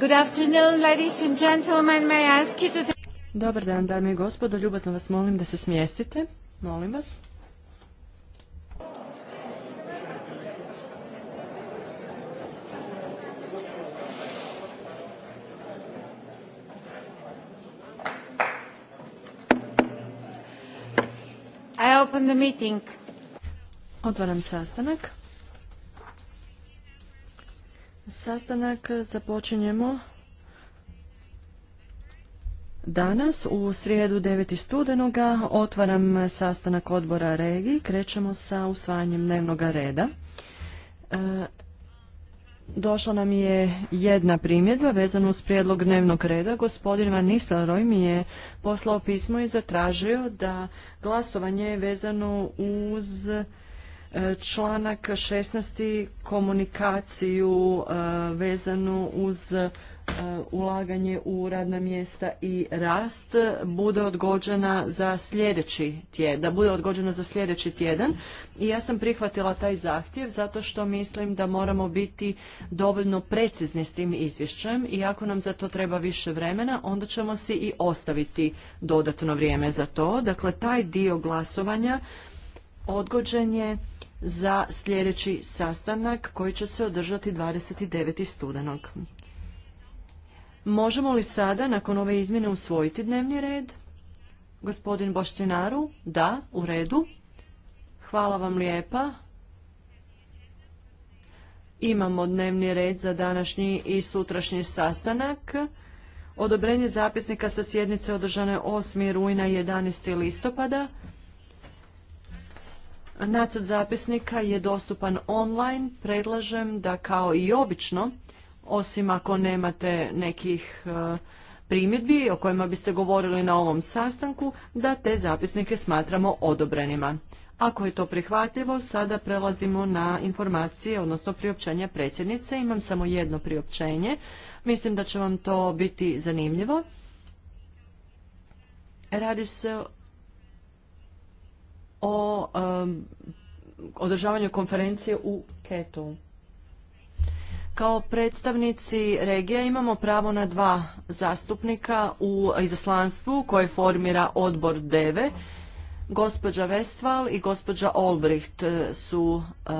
Good afternoon, ladies and gentlemen. May I ask you to... Dobar dan, dame i gospodo. Ljubazno vas molim da se smjestite. Molim vas. I open the meeting. Otvaram sastanak. Sastanak započinjemo danas u srijedu 9. studenoga. Otvaram sastanak odbora regiji. Krećemo sa usvajanjem dnevnog reda. E, došla nam je jedna primjedba vezana uz prijedlog dnevnog reda. Gospodin Van Nisleroj mi je poslao pismo i zatražio da glasovanje je vezano uz Članak 16. komunikaciju e, vezanu uz e, ulaganje u radna mjesta i rast bude odgođena za sljedeći tjedan, da bude odgođena za sljedeći tjedan i ja sam prihvatila taj zahtjev zato što mislim da moramo biti dovoljno precizni s tim izvješćem i ako nam za to treba više vremena onda ćemo si i ostaviti dodatno vrijeme za to. Dakle, taj dio glasovanja odgođen je za sljedeći sastanak koji će se održati 29. studenog. Možemo li sada, nakon ove izmjene, usvojiti dnevni red? Gospodin Boštinaru? Da, u redu. Hvala vam lijepa. Imamo dnevni red za današnji i sutrašnji sastanak. Odobrenje zapisnika sa sjednice održane 8. rujna 11. listopada. Nacrt zapisnika je dostupan online. Predlažem da kao i obično, osim ako nemate nekih e, primjedbi o kojima biste govorili na ovom sastanku, da te zapisnike smatramo odobrenima. Ako je to prihvatljivo, sada prelazimo na informacije, odnosno priopćenja predsjednice. Imam samo jedno priopćenje. Mislim da će vam to biti zanimljivo. Radi se o um, održavanju konferencije u Ketu. Kao predstavnici regija imamo pravo na dva zastupnika u izaslanstvu koje formira odbor DEVE. Gospođa Westphal i gospođa Olbricht eh, su eh,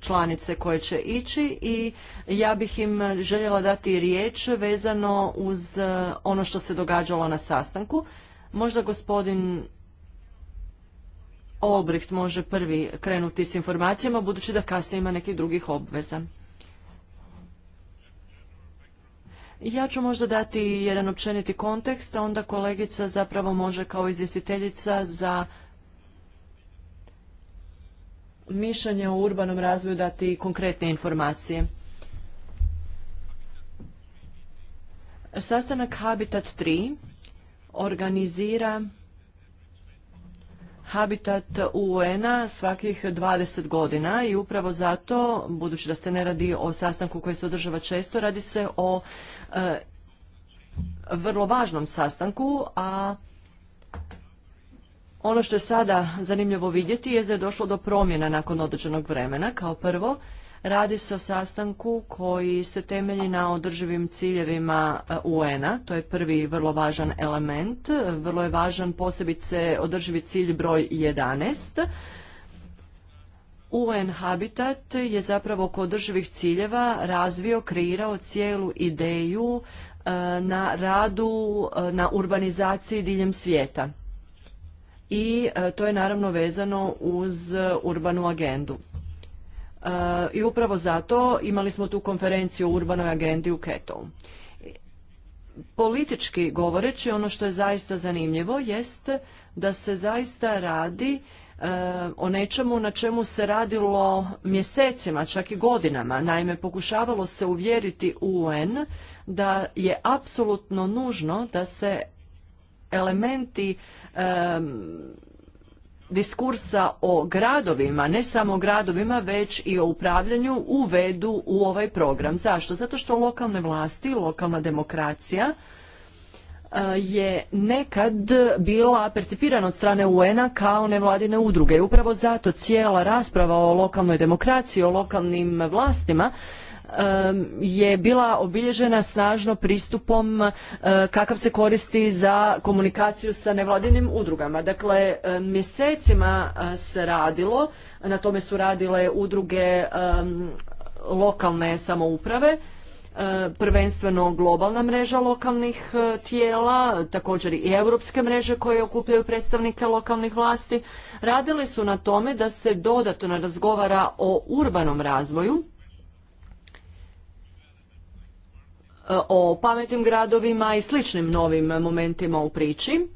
članice koje će ići i ja bih im željela dati riječ vezano uz eh, ono što se događalo na sastanku. Možda gospodin Olbricht može prvi krenuti s informacijama, budući da kasnije ima nekih drugih obveza. Ja ću možda dati jedan općeniti kontekst, a onda kolegica zapravo može kao izvjestiteljica za mišljenje o urbanom razvoju dati konkretne informacije. Sastanak Habitat 3 organizira Habitat UN-a svakih 20 godina i upravo zato, budući da se ne radi o sastanku koji se održava često, radi se o e, vrlo važnom sastanku, a ono što je sada zanimljivo vidjeti je da je došlo do promjena nakon određenog vremena. Kao prvo, Radi se o sastanku koji se temelji na održivim ciljevima e, UN-a. To je prvi vrlo važan element. Vrlo je važan posebice održivi cilj broj 11. UN Habitat je zapravo kod održivih ciljeva razvio, kreirao cijelu ideju e, na radu, e, na urbanizaciji diljem svijeta. I to je naravno vezano uz urbanu agendu. E, I upravo zato imali smo tu konferenciju o urbanoj agendi u Ketovu. Politički govoreći, ono što je zaista zanimljivo jest da se zaista radi e, o nečemu na čemu se radilo mjesecima, čak i godinama. Naime, pokušavalo se uvjeriti UN da je apsolutno nužno da se elementi diskursa o gradovima, ne samo o gradovima, već i o upravljanju uvedu u ovaj program. Zašto? Zato što lokalne vlasti, lokalna demokracija e, je nekad bila percipirana od strane UN-a kao nevladine udruge. Upravo zato cijela rasprava o lokalnoj demokraciji, o lokalnim vlastima je bila obilježena snažno pristupom eh, kakav se koristi za komunikaciju sa nevladinim udrugama. Dakle, mjesecima eh, se radilo, na tome su radile udruge lokalne samouprave, eh, prvenstveno globalna mreža lokalnih tijela, također i europske mreže koje okupljaju predstavnike lokalnih vlasti. Radile su na tome da se dodatno razgovara o urbanom razvoju, E, o pametnim gradovima i sličnim novim momentima u priči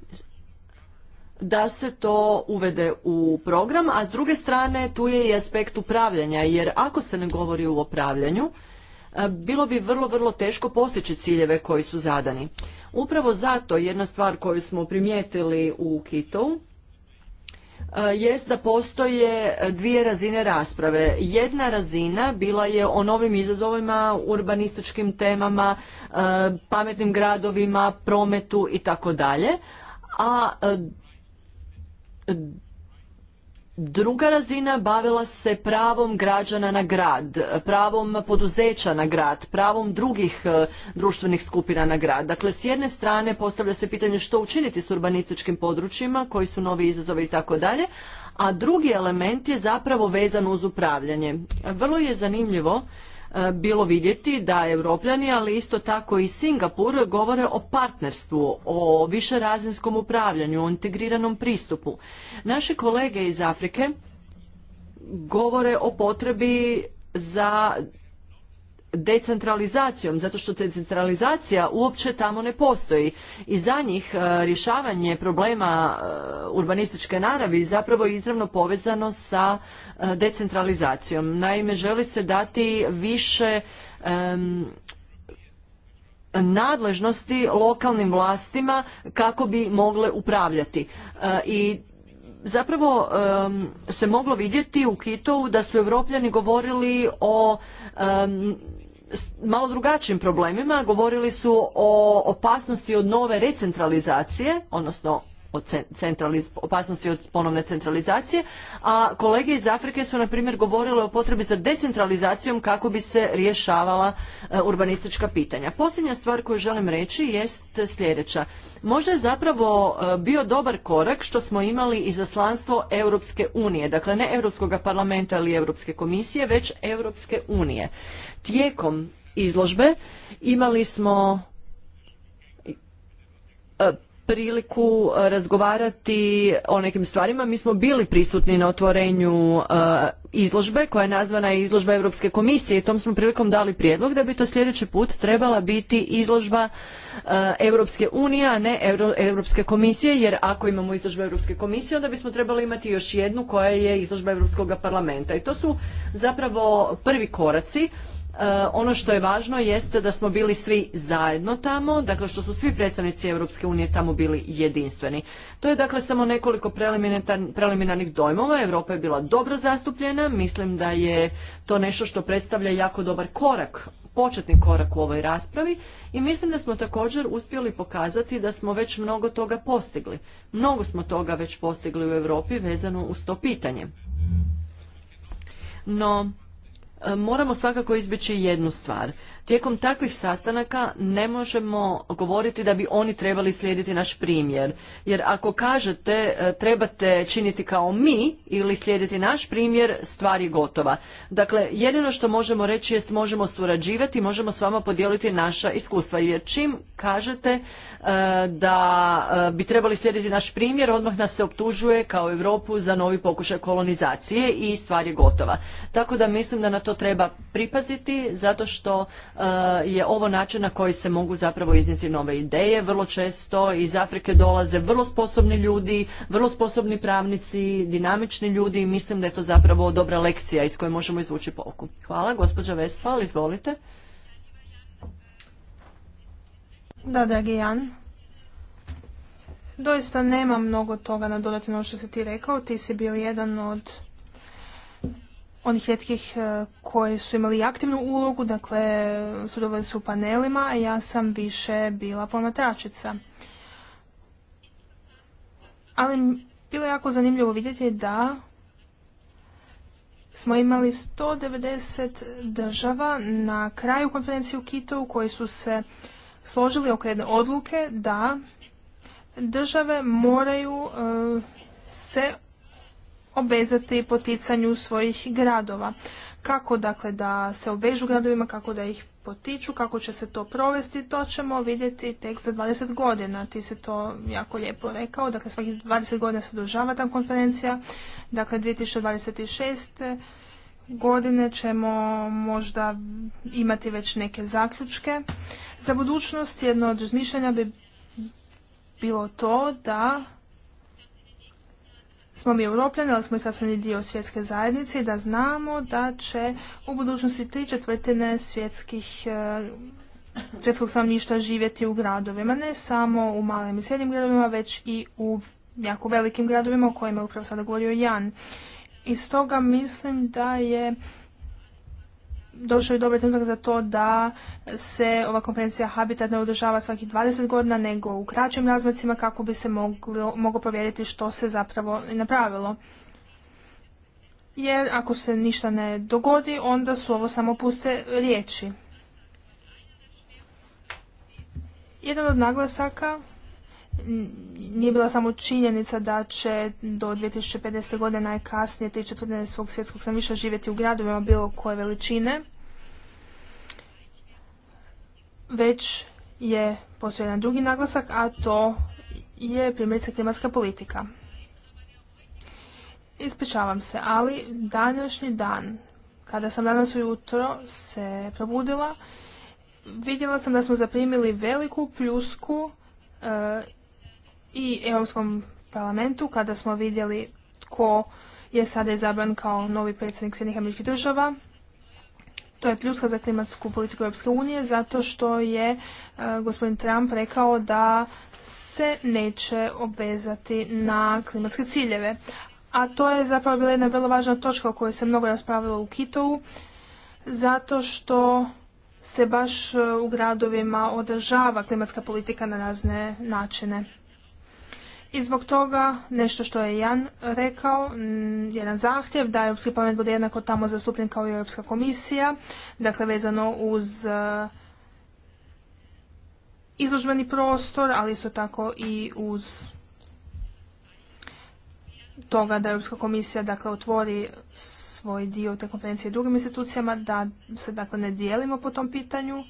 da se to uvede u program, a s druge strane tu je i aspekt upravljanja, jer ako se ne govori o upravljanju, e, bilo bi vrlo, vrlo teško postići ciljeve koji su zadani. Upravo zato jedna stvar koju smo primijetili u Kitovu jest da postoje dvije razine rasprave. Jedna razina bila je o novim izazovima, urbanističkim temama, pametnim gradovima, prometu i tako dalje, a Druga razina bavila se pravom građana na grad, pravom poduzeća na grad, pravom drugih e, društvenih skupina na grad. Dakle, s jedne strane postavlja se pitanje što učiniti s urbanističkim područjima, koji su novi izazovi i tako dalje, a drugi element je zapravo vezan uz upravljanje. Vrlo je zanimljivo E, bilo vidjeti da europljani, ali isto tako i Singapur govore o partnerstvu, o višerazinskom upravljanju, o integriranom pristupu. Naše kolege iz Afrike govore o potrebi za decentralizacijom, zato što decentralizacija uopće tamo ne postoji. I za njih e, rješavanje problema e, urbanističke naravi zapravo je izravno povezano sa e, decentralizacijom. Naime, želi se dati više nadležnosti lokalnim vlastima kako bi mogle upravljati. I zapravo se moglo vidjeti u Kitovu da su Evropljani govorili o malo drugačijim problemima. Govorili su o opasnosti od nove recentralizacije, odnosno o opasnosti od ponovne centralizacije, a kolege iz Afrike su na primjer govorile o potrebi za decentralizacijom kako bi se rješavala e, urbanistička pitanja. Posljednja stvar koju želim reći jest sljedeća. Možda je zapravo e, bio dobar korak što smo imali izaslanstvo Europske unije, dakle ne Europskog parlamenta ili Europske komisije, već Europske unije. Tijekom izložbe imali smo e, priliku eh, razgovarati o nekim stvarima. Mi smo bili prisutni na otvorenju eh, izložbe koja je nazvana izložba Europske komisije i tom smo prilikom dali prijedlog da bi to sljedeći put trebala biti izložba eh, Europske unije, a ne Europske komisije, jer ako imamo izložbu Europske komisije, onda bismo trebali imati još jednu koja je izložba Europskog parlamenta. I to su zapravo prvi koraci E, ono što je važno jeste da smo bili svi zajedno tamo, dakle što su svi predstavnici Europske unije tamo bili jedinstveni. To je dakle samo nekoliko preliminarnih dojmova. Europa je bila dobro zastupljena, mislim da je to nešto što predstavlja jako dobar korak početni korak u ovoj raspravi i mislim da smo također uspjeli pokazati da smo već mnogo toga postigli. Mnogo smo toga već postigli u Europi vezano uz to pitanje. No, moramo svakako izbjeći jednu stvar tijekom takvih sastanaka ne možemo govoriti da bi oni trebali slijediti naš primjer. Jer ako kažete e, trebate činiti kao mi ili slijediti naš primjer, stvar je gotova. Dakle, jedino što možemo reći jest možemo surađivati, možemo s vama podijeliti naša iskustva. Jer čim kažete e, da e, bi trebali slijediti naš primjer, odmah nas se optužuje kao Europu za novi pokušaj kolonizacije i stvar je gotova. Tako da mislim da na to treba pripaziti zato što Eh, je ovo način na koji se mogu zapravo iznijeti nove ideje. Vrlo često iz Afrike dolaze vrlo sposobni ljudi, vrlo sposobni pravnici, dinamični ljudi i mislim da je to zapravo dobra lekcija iz koje možemo izvući pouku. Hvala. Gospođa Vestfal, izvolite. Da, dragi Jan. Doista nema mnogo toga na dodati što si ti rekao. Ti si bio jedan od onih rijetkih e, koji su imali aktivnu ulogu, dakle sudovali su u panelima, a ja sam više bila promatračica. Ali bilo je jako zanimljivo vidjeti da smo imali 190 država na kraju konferencije u Kitovu koji su se složili oko jedne odluke da države moraju e, se obezati poticanju svojih gradova. Kako dakle da se obežu gradovima, kako da ih potiču, kako će se to provesti, to ćemo vidjeti tek za 20 godina. Ti se to jako lijepo rekao, dakle svakih 20 godina se održava ta konferencija, dakle 2026 godine ćemo možda imati već neke zaključke. Za budućnost jedno od razmišljanja bi bilo to da smo mi europljani, ali smo i sastavni dio svjetske zajednice i da znamo da će u budućnosti tri četvrtine svjetskih e, svjetskog stanovništva živjeti u gradovima, ne samo u malim i srednjim gradovima, već i u jako velikim gradovima o kojima je upravo sada govorio Jan. I stoga mislim da je došao je dobar trenutak za to da se ova konferencija Habitat ne održava svakih 20 godina, nego u kraćim razmacima kako bi se moglo, moglo provjeriti što se zapravo napravilo. Jer ako se ništa ne dogodi, onda su ovo samo puste riječi. Jedan od naglasaka nije bila samo činjenica da će do 2050. godine najkasnije tri četvrtine svog svjetskog stanovništva živjeti u gradovima bilo koje veličine, već je postoji jedan drugi naglasak, a to je primjerice klimatska politika. Ispričavam se, ali današnji dan, kada sam danas ujutro se probudila, vidjela sam da smo zaprimili veliku pljusku e, i Europskom parlamentu kada smo vidjeli tko je sada izabran kao novi predsjednik Sjednih američkih država. To je pljuska za klimatsku politiku Europske unije zato što je e, gospodin Trump rekao da se neće obvezati na klimatske ciljeve. A to je zapravo bila jedna vrlo važna točka o kojoj se mnogo raspravilo u Kitovu zato što se baš u gradovima održava klimatska politika na razne načine. I zbog toga nešto što je Jan rekao, jedan zahtjev da Europski parlament bude jednako tamo zastupljen kao i Europska komisija, dakle vezano uz e, izložbeni prostor, ali isto tako i uz toga da Europska komisija dakle otvori svoj dio te konferencije drugim institucijama, da se dakle ne dijelimo po tom pitanju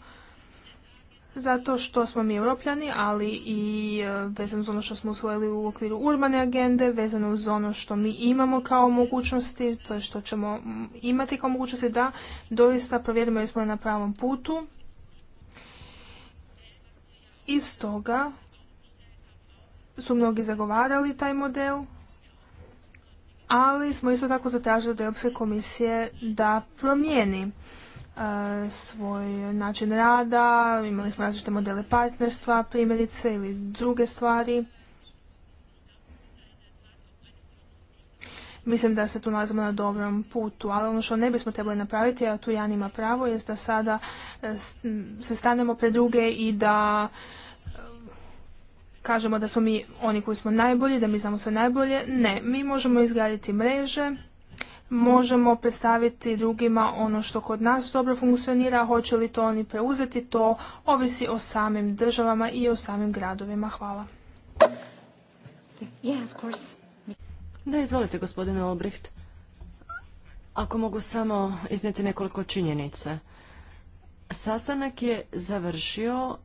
zato što smo mi europljani, ali i e, vezano uz ono što smo usvojili u okviru urbane agende, vezano uz ono što mi imamo kao mogućnosti, to je što ćemo mm, imati kao mogućnosti da doista provjerimo jesmo smo na pravom putu. I stoga su mnogi zagovarali taj model, ali smo isto tako zatražili od Europske komisije da promijeni E, svoj način rada, imali smo različite modele partnerstva, primjerice ili druge stvari. Mislim da se tu nalazimo na dobrom putu, ali ono što ne bismo trebali napraviti, a tu Jan ima pravo, je da sada e, se stanemo pred druge i da e, kažemo da smo mi oni koji smo najbolji, da mi znamo sve najbolje. Ne, mi možemo izgraditi mreže, možemo predstaviti drugima ono što kod nas dobro funkcionira, hoće li to oni preuzeti, to ovisi o samim državama i o samim gradovima. Hvala. Da, izvolite gospodine Olbricht. Ako mogu samo iznijeti nekoliko činjenica. Sastanak je završio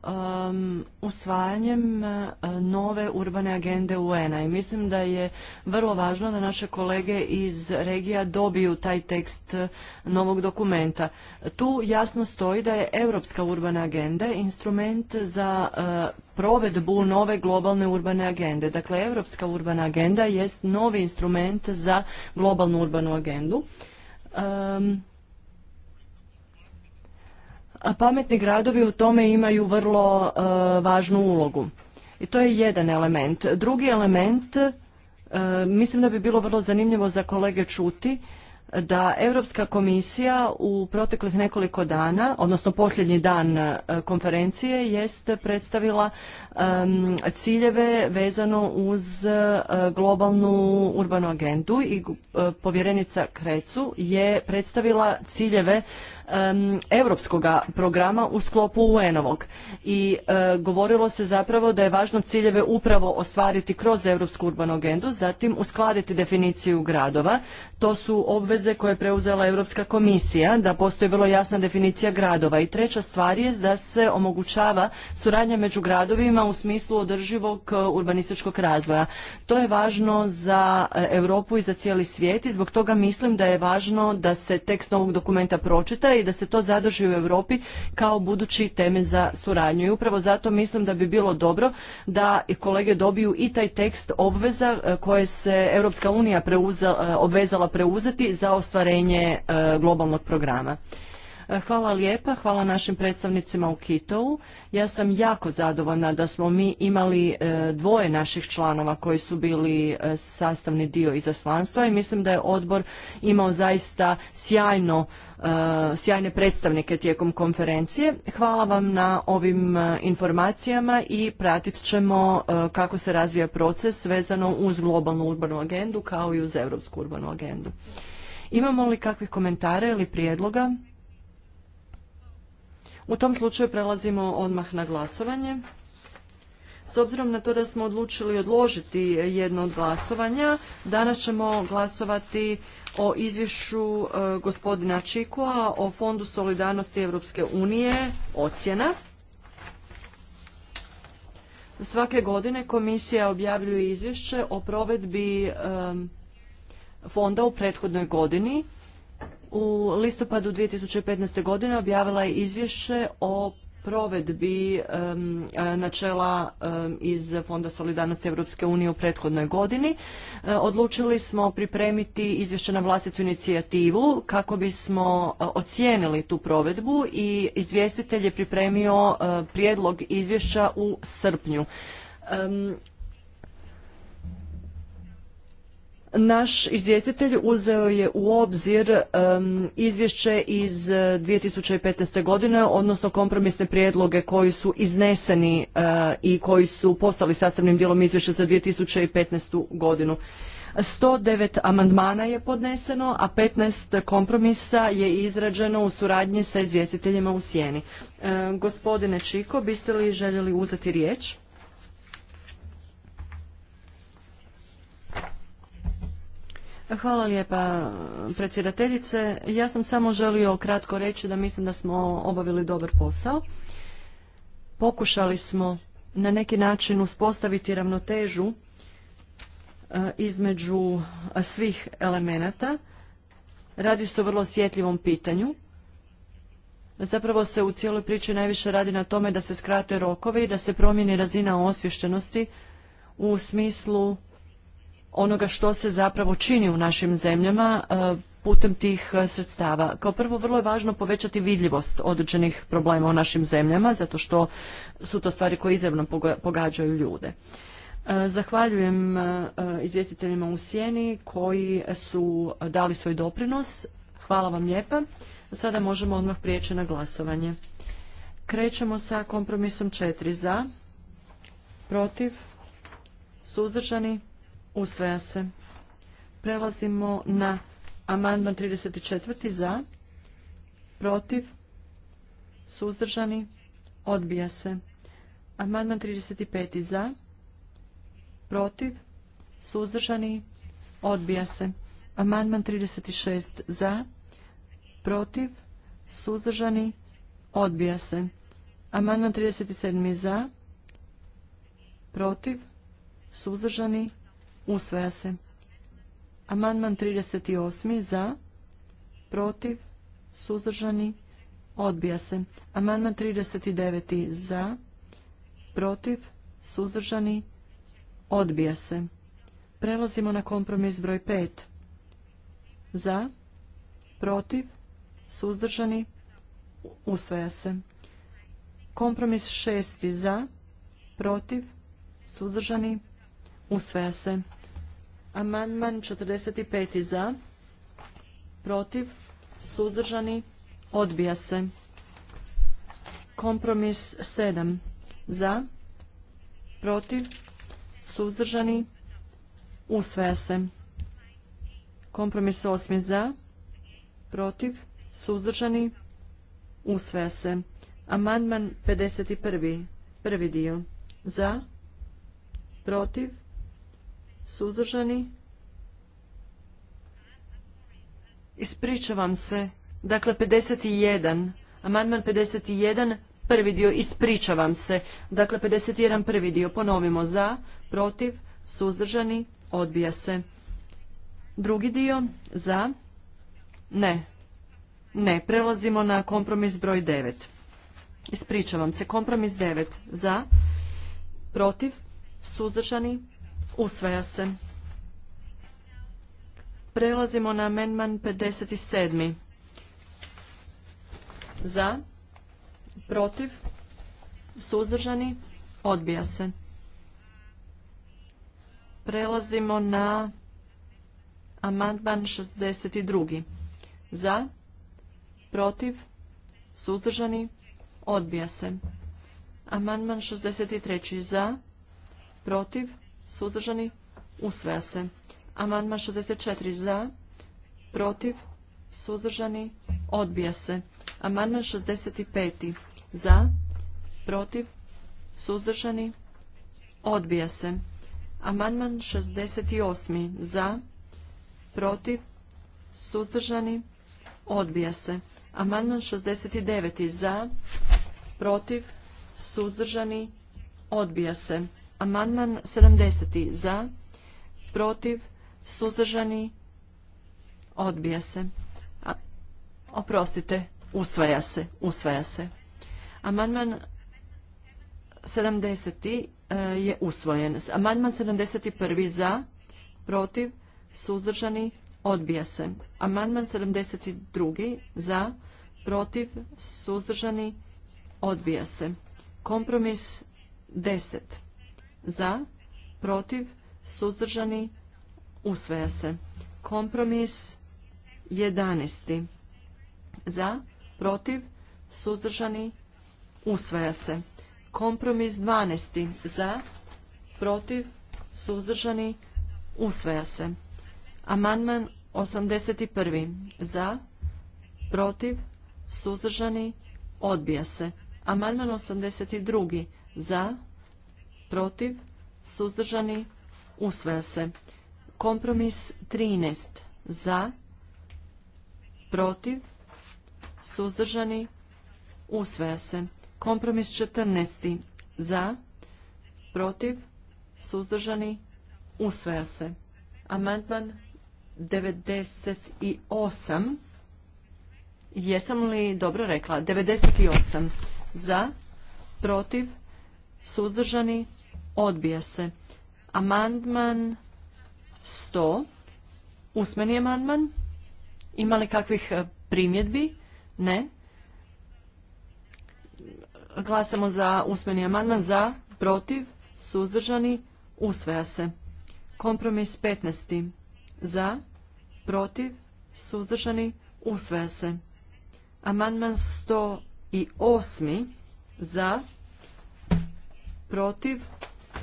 um, usvajanjem uh, nove urbane agende UN-a i mislim da je vrlo važno da naše kolege iz regija dobiju taj tekst uh, novog dokumenta. Tu jasno stoji da je Europska urbana agenda instrument za uh, provedbu nove globalne urbane agende. Dakle, Europska urbana agenda jest novi instrument za globalnu urbanu agendu. Um, a pametni gradovi u tome imaju vrlo e, važnu ulogu. I to je jedan element. Drugi element, e, mislim da bi bilo vrlo zanimljivo za kolege čuti, da Europska komisija u proteklih nekoliko dana, odnosno posljednji dan e, konferencije, jest predstavila ciljeve vezano uz globalnu urbanu agendu i povjerenica Krecu je predstavila ciljeve europskog programa u sklopu UN-ovog. I e, govorilo se zapravo da je važno ciljeve upravo ostvariti kroz europsku urbanu agendu, zatim uskladiti definiciju gradova. To su obveze koje je preuzela Europska komisija, da postoji vrlo jasna definicija gradova. I treća stvar je da se omogućava suradnja među gradovima u smislu održivog e, urbanističkog razvoja. To je važno za e, Europu i za cijeli svijet i zbog toga mislim da je važno da se tekst novog dokumenta pročita i da se to zadrži u Europi kao budući temelj za suradnju. I upravo zato mislim da bi bilo dobro da kolege dobiju i taj tekst obveza e, koje se Europska unija e, obvezala preuzeti za ostvarenje e, globalnog programa. Hvala lijepa, hvala našim predstavnicima u Kitovu. Ja sam jako zadovoljna da smo mi imali e, dvoje naših članova koji su bili e, sastavni dio izaslanstva i mislim da je odbor imao zaista sjajno e, sjajne predstavnike tijekom konferencije. Hvala vam na ovim informacijama i pratit ćemo kako se razvija proces vezano uz globalnu urbanu agendu kao i uz europsku urbanu agendu. Imamo li kakvih komentara ili prijedloga? U tom slučaju prelazimo odmah na glasovanje. S obzirom na to da smo odlučili odložiti jedno od glasovanja, danas ćemo glasovati o izvješću e, gospodina Čikua o Fondu solidarnosti Europske unije, ocjena. Svake godine komisija objavljuje izvješće o provedbi e, fonda u prethodnoj godini u listopadu 2015. godine objavila je izvješće o provedbi načela iz Fonda solidarnosti Europske unije u prethodnoj godini. E, odlučili smo pripremiti izvješće na vlastitu inicijativu kako bismo e, ocijenili tu provedbu i izvjestitelj je pripremio e, prijedlog izvješća u srpnju. Naš izvjestitelj uzeo je u obzir izvješće iz 2015. E, godine, odnosno kompromisne prijedloge koji su izneseni e, i koji su postali sastavnim dijelom izvješća za 2015. godinu. 109 amandmana je podneseno, a 15 kompromisa je izrađeno u suradnji sa izvjestiteljima u Sjeni. E, gospodine Čiko, biste li željeli uzeti riječ? Hvala lijepa predsjedateljice. Ja sam samo želio kratko reći da mislim da smo obavili dobar posao. Pokušali smo na neki način uspostaviti ravnotežu e, između svih elemenata. Radi se o vrlo osjetljivom pitanju. Zapravo se u cijeloj priči najviše radi na tome da se skrate rokovi i da se promijeni razina osvještenosti u smislu onoga što se zapravo čini u našim zemljama e, putem tih e, sredstava. Kao prvo, vrlo je važno povećati vidljivost određenih problema u našim zemljama, zato što su to stvari koje izravno pogađaju ljude. E, zahvaljujem izvjestiteljima u Sjeni koji su dali svoj doprinos. Hvala vam lijepa. Sada možemo odmah prijeći na glasovanje. Krećemo sa kompromisom četiri za, protiv, suzdržani, Usvaja se. Prelazimo na amandman 34. za, protiv, suzdržani, odbija se. Amandman 35. za, protiv, suzdržani, odbija se. Amandman 36. za, protiv, suzdržani, odbija se. Amandman 37. za, protiv, suzdržani, Usvaja se. Amandman 38. za, protiv, suzdržani, odbija se. Amandman 39. za, protiv, suzdržani, odbija se. Prelazimo na kompromis broj 5. Za, protiv, suzdržani, usvaja se. Kompromis 6. za, protiv, suzdržani, usvaja se. Amandman 45. za, protiv, suzdržani, odbija se. Kompromis 7. Za, protiv, suzdržani, usvaja se. Kompromis 8. Za, protiv, suzdržani, usvaja se. Amandman 51. Prvi dio. Za, protiv, Suzdržani? Ispričavam se. Dakle, 51. Amandman 51, prvi dio. Ispričavam se. Dakle, 51, prvi dio. Ponovimo za, protiv, suzdržani, odbija se. Drugi dio, za, ne, ne, prelazimo na kompromis broj 9. Ispričavam se, kompromis 9, za, protiv, suzdržani, Usvaja se. Prelazimo na amendman 57. Za, protiv, suzdržani, odbija se. Prelazimo na amandman 62. Za, protiv, suzdržani, odbija se. Amandman 63. Za, protiv, suzdržani, usvaja se. Amandman 64 za, protiv, suzdržani, odbija se. Amandman 65 za, protiv, suzdržani, odbija se. Amandman 68 za, protiv, suzdržani, odbija se. Amandman 69 za, protiv, suzdržani, odbija se. Amandman 70. za, protiv, suzdržani, odbija se. oprostite, usvaja se, usvaja se. Amandman 70. E, je usvojen. Amandman 71. za, protiv, suzdržani, odbija se. Amandman 72. za, protiv, suzdržani, odbija se. Kompromis 10 za, protiv, suzdržani, usvaja se. Kompromis 11. Za, protiv, suzdržani, usvaja se. Kompromis 12. Za, protiv, suzdržani, usvaja se. Amandman 81. Za, protiv, suzdržani, odbija se. Amandman 82. Za, protiv, suzdržani, usvaja se. Kompromis 13 za, protiv, suzdržani, usvaja se. Kompromis 14 za, protiv, suzdržani, usvaja se. Amandman 98. Jesam li dobro rekla? 98 za, protiv, suzdržani, Odbija se. Amandman 100. Usmeni amandman. Ima li kakvih e, primjedbi? Ne. Glasamo za usmeni amandman. Za, protiv, suzdržani, usvaja se. Kompromis 15. Za, protiv, suzdržani, usvaja se. Amandman 108. Za, protiv,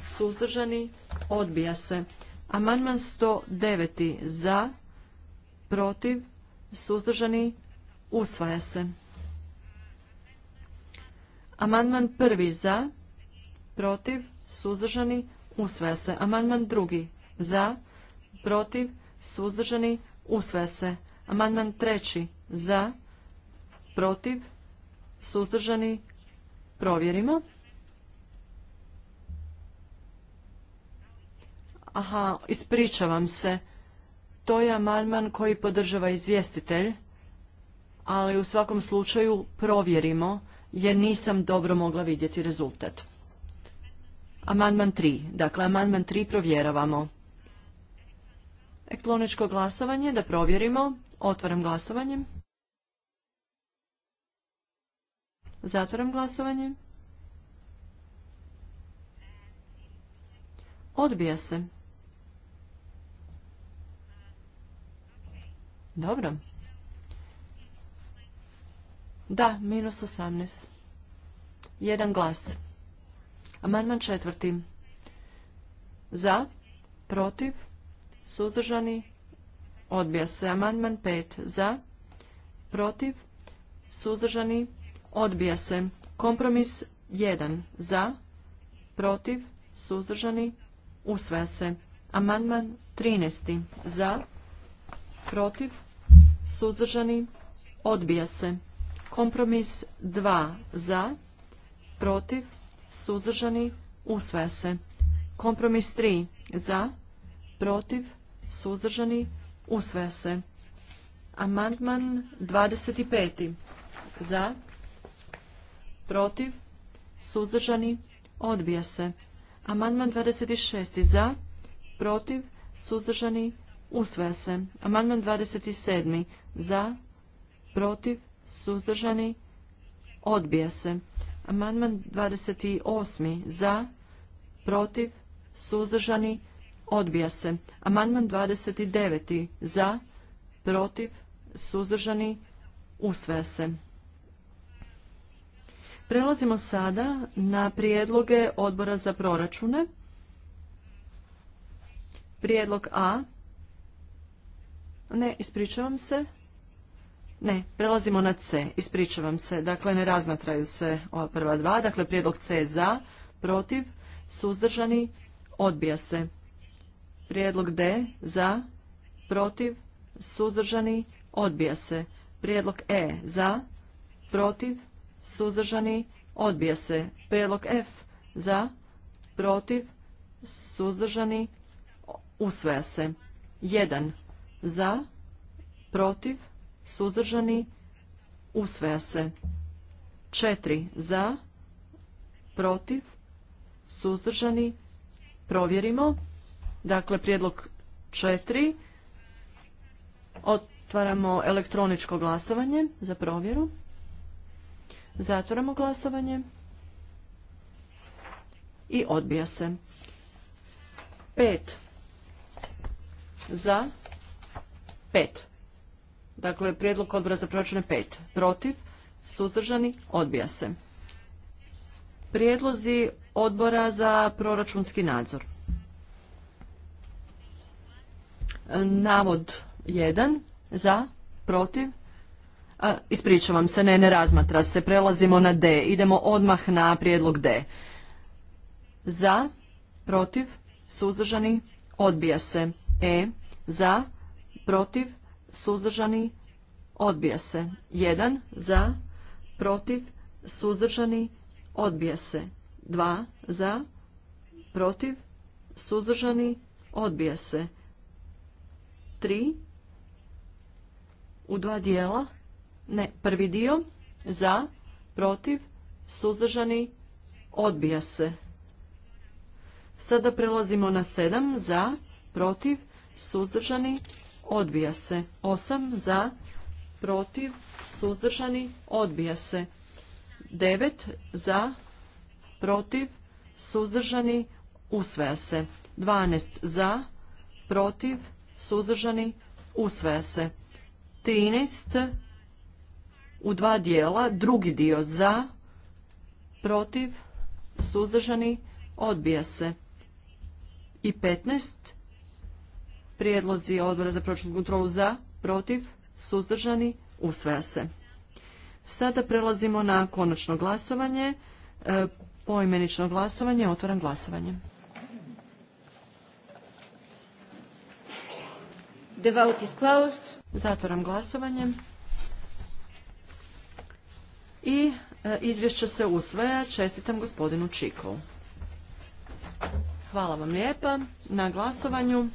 suzdržani, odbija se. Amandman 109. za, protiv, suzdržani, usvaja se. Amandman prvi za, protiv, suzdržani, usvaja se. Amandman drugi za, protiv, suzdržani, usvaja se. Amandman treći za, protiv, suzdržani, provjerimo. Aha, ispričavam se. To je amandman koji podržava izvjestitelj, ali u svakom slučaju provjerimo jer nisam dobro mogla vidjeti rezultat. Amandman 3. Dakle, amandman 3 provjeravamo. Ekloničko glasovanje da provjerimo. Otvaram glasovanje. Zatvaram glasovanje. Odbija se. Dobro. Da, minus 18. Jedan glas. Amandman četvrti. Za, protiv, suzdržani, odbija se. Amandman pet. Za, protiv, suzdržani, odbija se. Kompromis jedan. Za, protiv, suzdržani, usvaja se. Amandman trinesti. Za, protiv, suzdržani, odbija se. Kompromis 2 za, protiv, suzdržani, usvaja se. Kompromis 3 za, protiv, suzdržani, usvaja se. Amandman 25. Za, protiv, suzdržani, odbija se. Amandman 26. Za, protiv, suzdržani, Usvaja se. Amandman 27. Za, protiv, suzdržani, odbija se. Amandman 28. Za, protiv, suzdržani, odbija se. Amandman 29. Za, protiv, suzdržani, usvaja se. Prelazimo sada na prijedloge odbora za proračune. Prijedlog A ne, ispričavam se. Ne, prelazimo na C. Ispričavam se. Dakle, ne razmatraju se ova prva dva. Dakle, prijedlog C za, protiv, suzdržani, odbija se. Prijedlog D za, protiv, suzdržani, odbija se. Prijedlog E za, protiv, suzdržani, odbija se. Prijedlog F za, protiv, suzdržani, usvaja se. Jedan za, protiv, suzdržani, usvaja se. Četiri. za, protiv, suzdržani, provjerimo. Dakle, prijedlog četiri. Otvaramo elektroničko glasovanje za provjeru. Zatvaramo glasovanje. I odbija se. Pet. za, 5. Dakle, prijedlog odbora za proračune 5. Protiv, suzdržani, odbija se. Prijedlozi odbora za proračunski nadzor. Navod 1. Za, protiv. ispričavam se, ne, ne razmatra se. Prelazimo na D. Idemo odmah na prijedlog D. Za, protiv, suzdržani, odbija se. E. Za, protiv, suzdržani, odbija se. 1 za, protiv, suzdržani, odbija se. 2 za, protiv, suzdržani, odbija se. 3 u dva dijela, ne, prvi dio, za, protiv, suzdržani, odbija se. Sada prelazimo na 7 za, protiv, suzdržani, odbija se. 8 za, protiv, suzdržani, odbija se. Devet za, protiv, suzdržani, usvaja se. 12 za, protiv, suzdržani, usvaja se. 13 u dva dijela, drugi dio za, protiv, suzdržani, odbija se. I 15 Prijedlozi odbora za proračunsku kontrolu za, protiv, suzdržani, usvaja se. Sada prelazimo na konačno glasovanje, e, poimenično glasovanje, otvaram glasovanje. The vote is closed. Zatvaram glasovanje. I e, izvješće se usvaja. Čestitam gospodinu Čikovu. Hvala vam lijepa na glasovanju.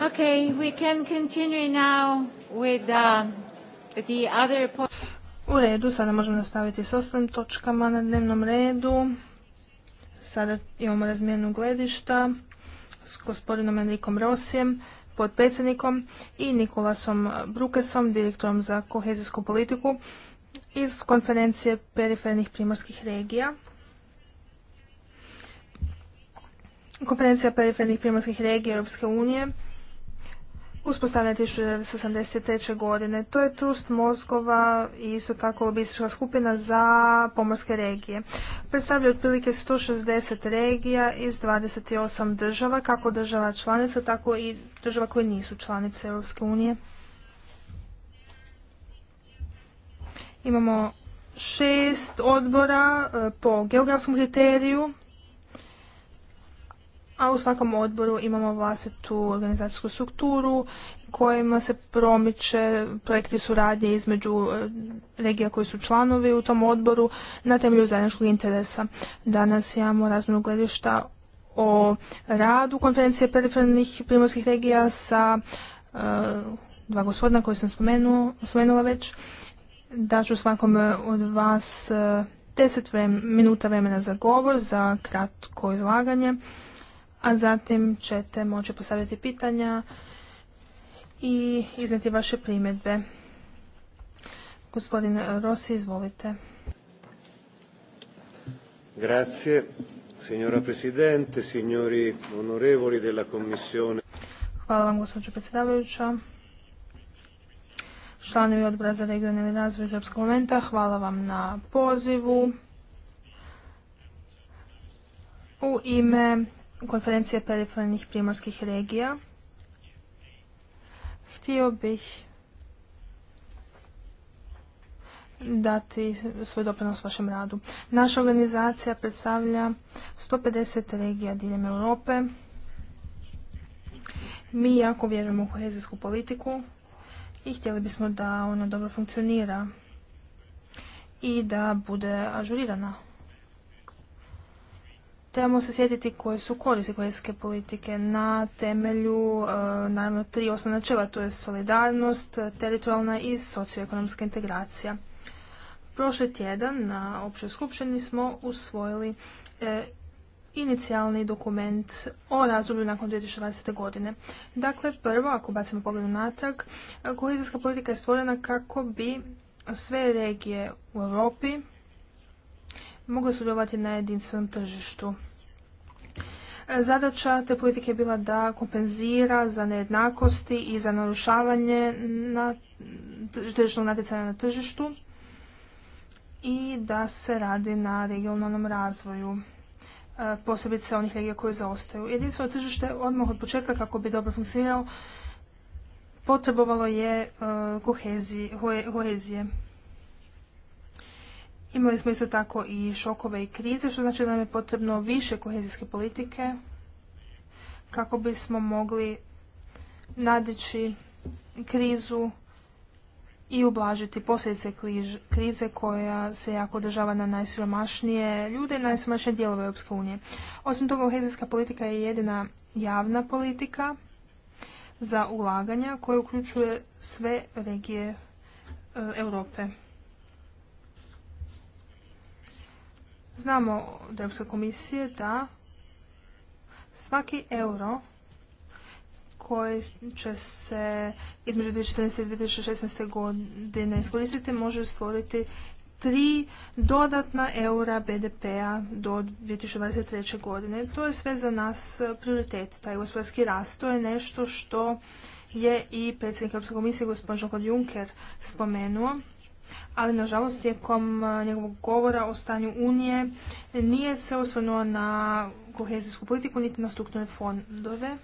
Okay, uh, U redu, sada možemo nastaviti s ostalim točkama na dnevnom redu. Sada imamo razmjenu gledišta s gospodinom Enrikom Rosijem, podpredsjednikom i Nikolasom Brukesom, direktorom za kohezijsku politiku iz konferencije perifernih primorskih regija. Konferencija perifernih primorskih regija Europske unije uspostavljena 1983. godine. To je trust mozgova i isto tako lobistička skupina za pomorske regije. Predstavlja otprilike 160 regija iz 28 država, kako država članica, tako i država koje nisu članice Europske unije. Imamo šest odbora eh, po geografskom kriteriju, a u svakom odboru imamo vlastitu organizacijsku strukturu kojima se promiče projekti suradnje između e, regija koji su članovi u tom odboru na temelju zajedničkog interesa. Danas imamo razmjenu gledišta o radu konferencije perifernih primorskih regija sa e, dva gospodina koje sam spomenula već. Daću svakom od vas 10 e, minuta vremena za govor, za kratko izlaganje a zatim ćete moći postaviti pitanja i izneti vaše primjedbe. Gospodin Rossi, izvolite. Grazie, signora Presidente, signori onorevoli della Commissione. Hvala vam, gospođo predsjedavajuća. Članovi odbora za regionalni razvoj iz Europskog momenta, hvala vam na pozivu. U ime konferencije perifernih primorskih regija, htio bih dati svoj doprinos vašem radu. Naša organizacija predstavlja 150 regija diljem Europe. Mi jako vjerujemo u kohezijsku politiku i htjeli bismo da ona dobro funkcionira i da bude ažurirana trebamo se sjetiti koje su koristi kohezijske politike na temelju e, naravno tri osnovna načela, to je solidarnost, teritorijalna i socioekonomska integracija. Prošli tjedan na općoj skupštini smo usvojili e, inicijalni dokument o razdoblju nakon 2020. godine. Dakle, prvo, ako bacimo pogled natrag, kohezijska politika je stvorena kako bi sve regije u Europi mogle sudjelovati na jedinstvenom tržištu. E, Zadaća te politike je bila da kompenzira za nejednakosti i za narušavanje na tržišnog natjecanja na tržištu i da se radi na regionalnom razvoju e, posebice onih regija koje zaostaju. Jedinstveno tržište odmah od početka kako bi dobro funkcionirao potrebovalo je e, kohezije. Imali smo isto tako i šokove i krize, što znači da nam je potrebno više kohezijske politike kako bismo mogli nadići krizu i ublažiti posljedice krize koja se jako održava na najsiromašnije ljude i najsiromašnije dijelove Europske unije. Osim toga, kohezijska politika je jedina javna politika za ulaganja koja uključuje sve regije e, Europe. Znamo od Europske komisije da svaki euro koji će se između 2014. i 2016. godine iskoristiti može stvoriti tri dodatna eura BDP-a do 2023. godine. To je sve za nas prioritet. Taj gospodarski rast to je nešto što je i predsjednik Europske komisije gospodin jean Juncker spomenuo ali nažalost tijekom e, njegovog govora o stanju Unije nije se osvrnuo na kohezijsku politiku niti na strukturne fondove.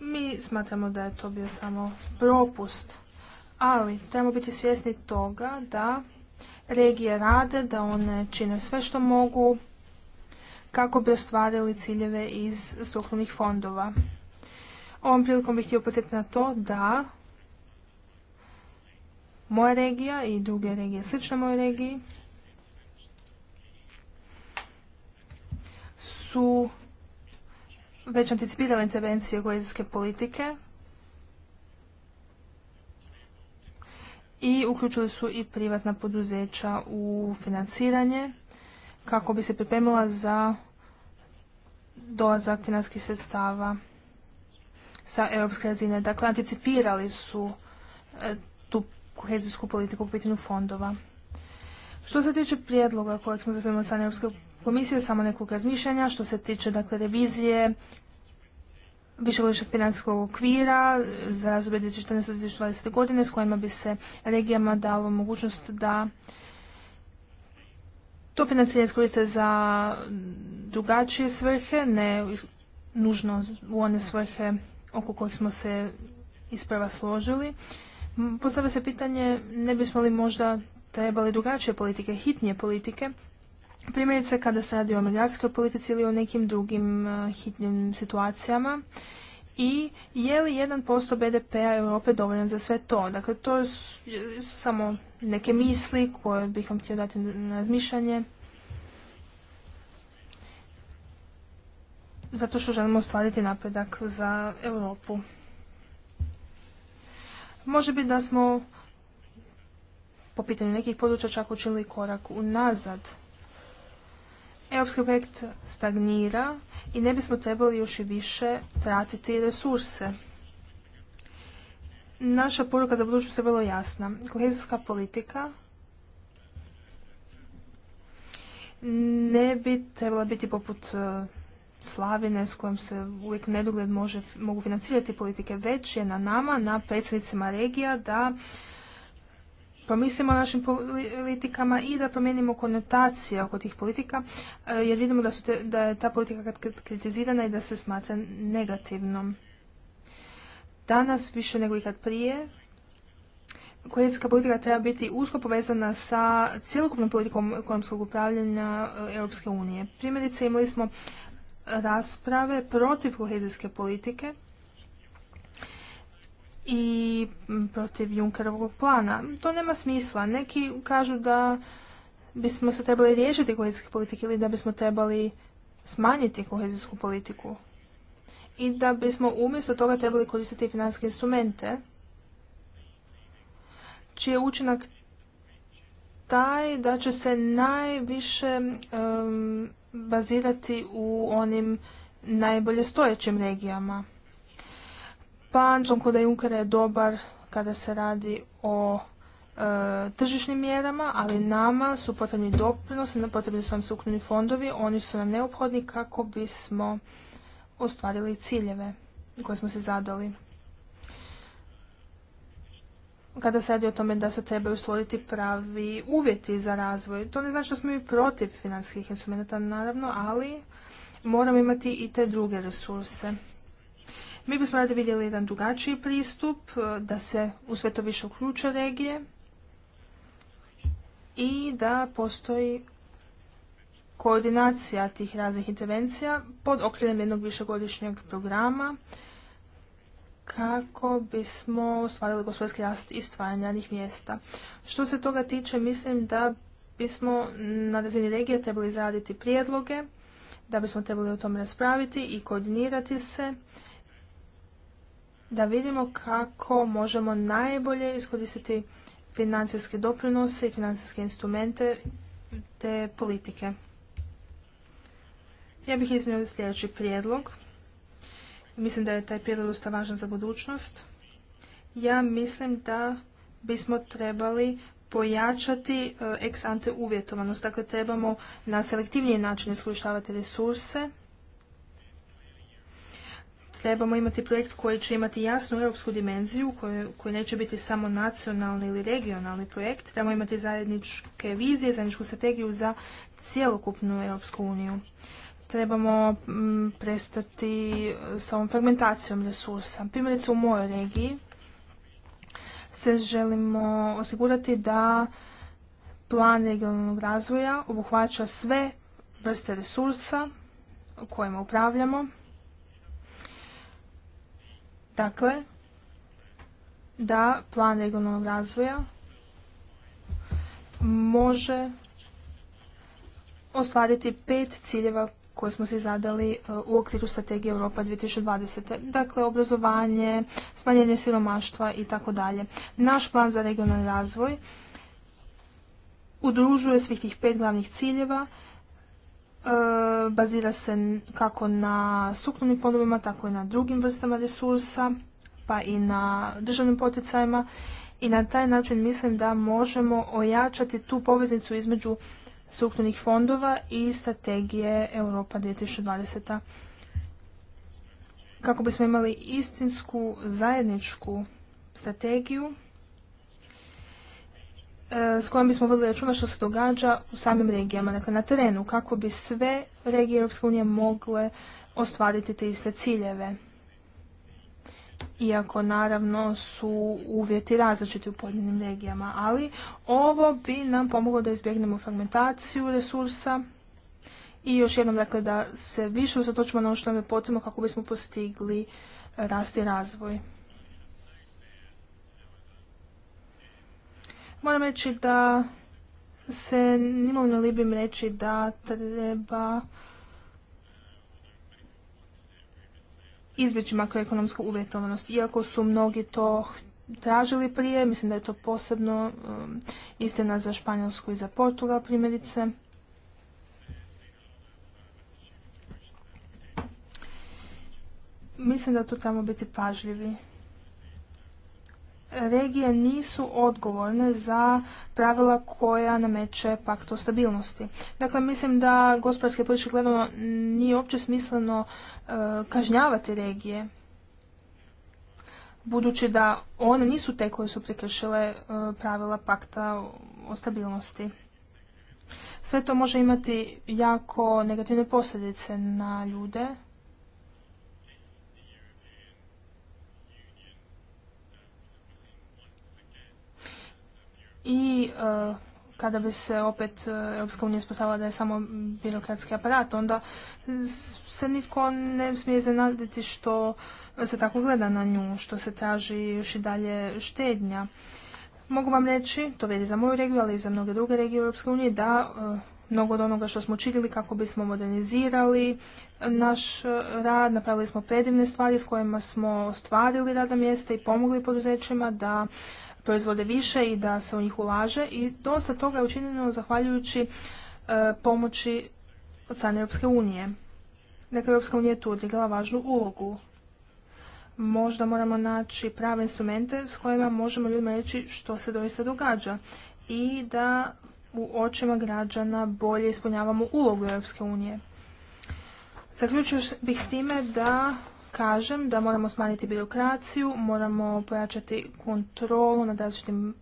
Mi smatramo da je to bio samo propust, ali trebamo biti svjesni toga da regije rade, da one čine sve što mogu kako bi ostvarili ciljeve iz strukturnih fondova. Ovom prilikom bih htio potjeti na to da moja regija i druge regije slične mojoj regiji su već anticipirale intervencije kohezijske politike i uključili su i privatna poduzeća u financiranje kako bi se pripremila za dolazak financijskih sredstava sa europske razine. Dakle, anticipirali su e, kohezijsku politiku u pitanju fondova. Što se tiče prijedloga kojeg smo zaprimili od Europske komisije, samo nekog razmišljanja. Što se tiče dakle, revizije višegodišnjeg financijskog okvira za razdoblje 2014-2020 godine s kojima bi se regijama dalo mogućnost da to financiranje iskoriste za drugačije svrhe, ne nužno u one svrhe oko kojih smo se isprava složili. Postavlja se pitanje ne bismo li možda trebali drugačije politike, hitnije politike, primjerice kada se radi o migracijskoj politici ili o nekim drugim e, hitnim situacijama i je li 1% BDP-a Europe dovoljan za sve to? Dakle, to su samo neke misli koje bih vam htio dati na razmišljanje. Zato što želimo ostvariti napredak za Europu. Može biti da smo po pitanju nekih područja čak učinili korak unazad. Europski projekt stagnira i ne bismo trebali još i više tratiti resurse. Naša poruka za budućnost je vrlo jasna. Kohezijska politika ne bi trebala biti poput eh, slavine s kojom se uvijek nedogled može, mogu financirati politike, već je na nama, na predsjednicima regija da promislimo o našim politikama i da promijenimo konotacije oko tih politika, e, jer vidimo da, su da je ta politika kritizirana i da se smatra negativnom. Danas, više nego ikad prije, kohezijska politika treba biti usko povezana sa cjelokupnom politikom ekonomskog upravljanja e, Europske unije. Primjerice imali smo rasprave protiv kohezijske politike i protiv Junkerovog plana. To nema smisla. Neki kažu da bismo se trebali riješiti kohezijske politike ili da bismo trebali smanjiti kohezijsku politiku i da bismo umjesto toga trebali koristiti financijske instrumente čiji učinak taj da će se najviše bazirati u onim najbolje stojećim regijama. Pa, John Koda Junkara je dobar kada se radi o e, tržišnim mjerama, ali nama su potrebni doprinosi, potrebni su nam strukturni fondovi, oni su nam neophodni kako bismo ostvarili ciljeve koje smo se zadali kada se radi o tome da se trebaju stvoriti pravi uvjeti za razvoj. To ne znači da smo i protiv finanskih instrumenta, naravno, ali moramo imati i te druge resurse. Mi bismo radi vidjeli jedan drugačiji pristup, da se u sve to više uključe regije i da postoji koordinacija tih raznih intervencija pod okriljem jednog višegodišnjeg programa kako bismo ostvarili gospodarski rast i stvaranje radnih mjesta. Što se toga tiče, mislim da bismo na razini regije trebali izraditi prijedloge, da bismo trebali o tome raspraviti i koordinirati se, da vidimo kako možemo najbolje iskoristiti financijske doprinose i financijske instrumente te politike. Ja bih iznio sljedeći prijedlog Mislim da je taj prijedlog dosta važan za budućnost. Ja mislim da bismo trebali pojačati e, ex ante uvjetovanost. Dakle, trebamo na selektivniji način iskorištavati resurse. Trebamo imati projekt koji će imati jasnu europsku dimenziju, koji, koji neće biti samo nacionalni ili regionalni projekt. Trebamo imati zajedničke vizije, zajedničku strategiju za cjelokupnu Europsku uniju trebamo mm, prestati e, sa ovom fragmentacijom resursa. Primjerice u mojoj regiji se želimo osigurati da plan regionalnog razvoja obuhvaća sve vrste resursa kojima upravljamo. Dakle, da plan regionalnog razvoja može ostvariti pet ciljeva koje smo se zadali e, u okviru strategije Europa 2020. Dakle, obrazovanje, smanjenje siromaštva i tako dalje. Naš plan za regionalni razvoj udružuje svih tih pet glavnih ciljeva, e, bazira se kako na strukturnim fondovima, tako i na drugim vrstama resursa, pa i na državnim poticajima i na taj način mislim da možemo ojačati tu poveznicu između strukturnih fondova i strategije Europa 2020. Kako bismo imali istinsku zajedničku strategiju e, s kojom bismo vodili računa što se događa u samim regijama, dakle na terenu, kako bi sve regije Europske unije mogle ostvariti te iste ciljeve iako naravno su uvjeti različiti u pojedinim regijama, ali ovo bi nam pomoglo da izbjegnemo fragmentaciju resursa i još jednom dakle da se više usatočimo na ono što nam je potrebno kako bismo postigli rast i razvoj. Moram reći da se nimalo ne libim reći da treba izbjeći makroekonomsku uvjetovanost. Iako su mnogi to tražili prije, mislim da je to posebno um, istina za Španjolsku i za Portugal primjerice. Mislim da tu trebamo biti pažljivi regije nisu odgovorne za pravila koja nameće pakt o stabilnosti. Dakle, mislim da gospodarske političke gledano nije uopće smisleno e, kažnjavati regije, budući da one nisu te koje su prekršile e, pravila pakta o stabilnosti. Sve to može imati jako negativne posljedice na ljude, i e, kada bi se opet e, Europska unija spostavila da je samo birokratski aparat, onda se nitko ne smije zanaditi što se tako gleda na nju, što se traži još i dalje štednja. Mogu vam reći, to vrijedi za moju regiju, ali i za mnoge druge regije Europske unije, da e, mnogo od onoga što smo činili kako bismo modernizirali naš rad, napravili smo predivne stvari s kojima smo ostvarili rada mjesta i pomogli poduzećima da proizvode više i da se u njih ulaže i dosta toga je učinjeno zahvaljujući e, pomoći od strane Europske unije. Dakle, Europska unija je tu odigrala važnu ulogu. Možda moramo naći prave instrumente s kojima možemo ljudima reći što se doista događa i da u očima građana bolje ispunjavamo ulogu Europske unije. Zaključio bih s time da kažem da moramo smanjiti birokraciju, moramo pojačati kontrolu nad različitim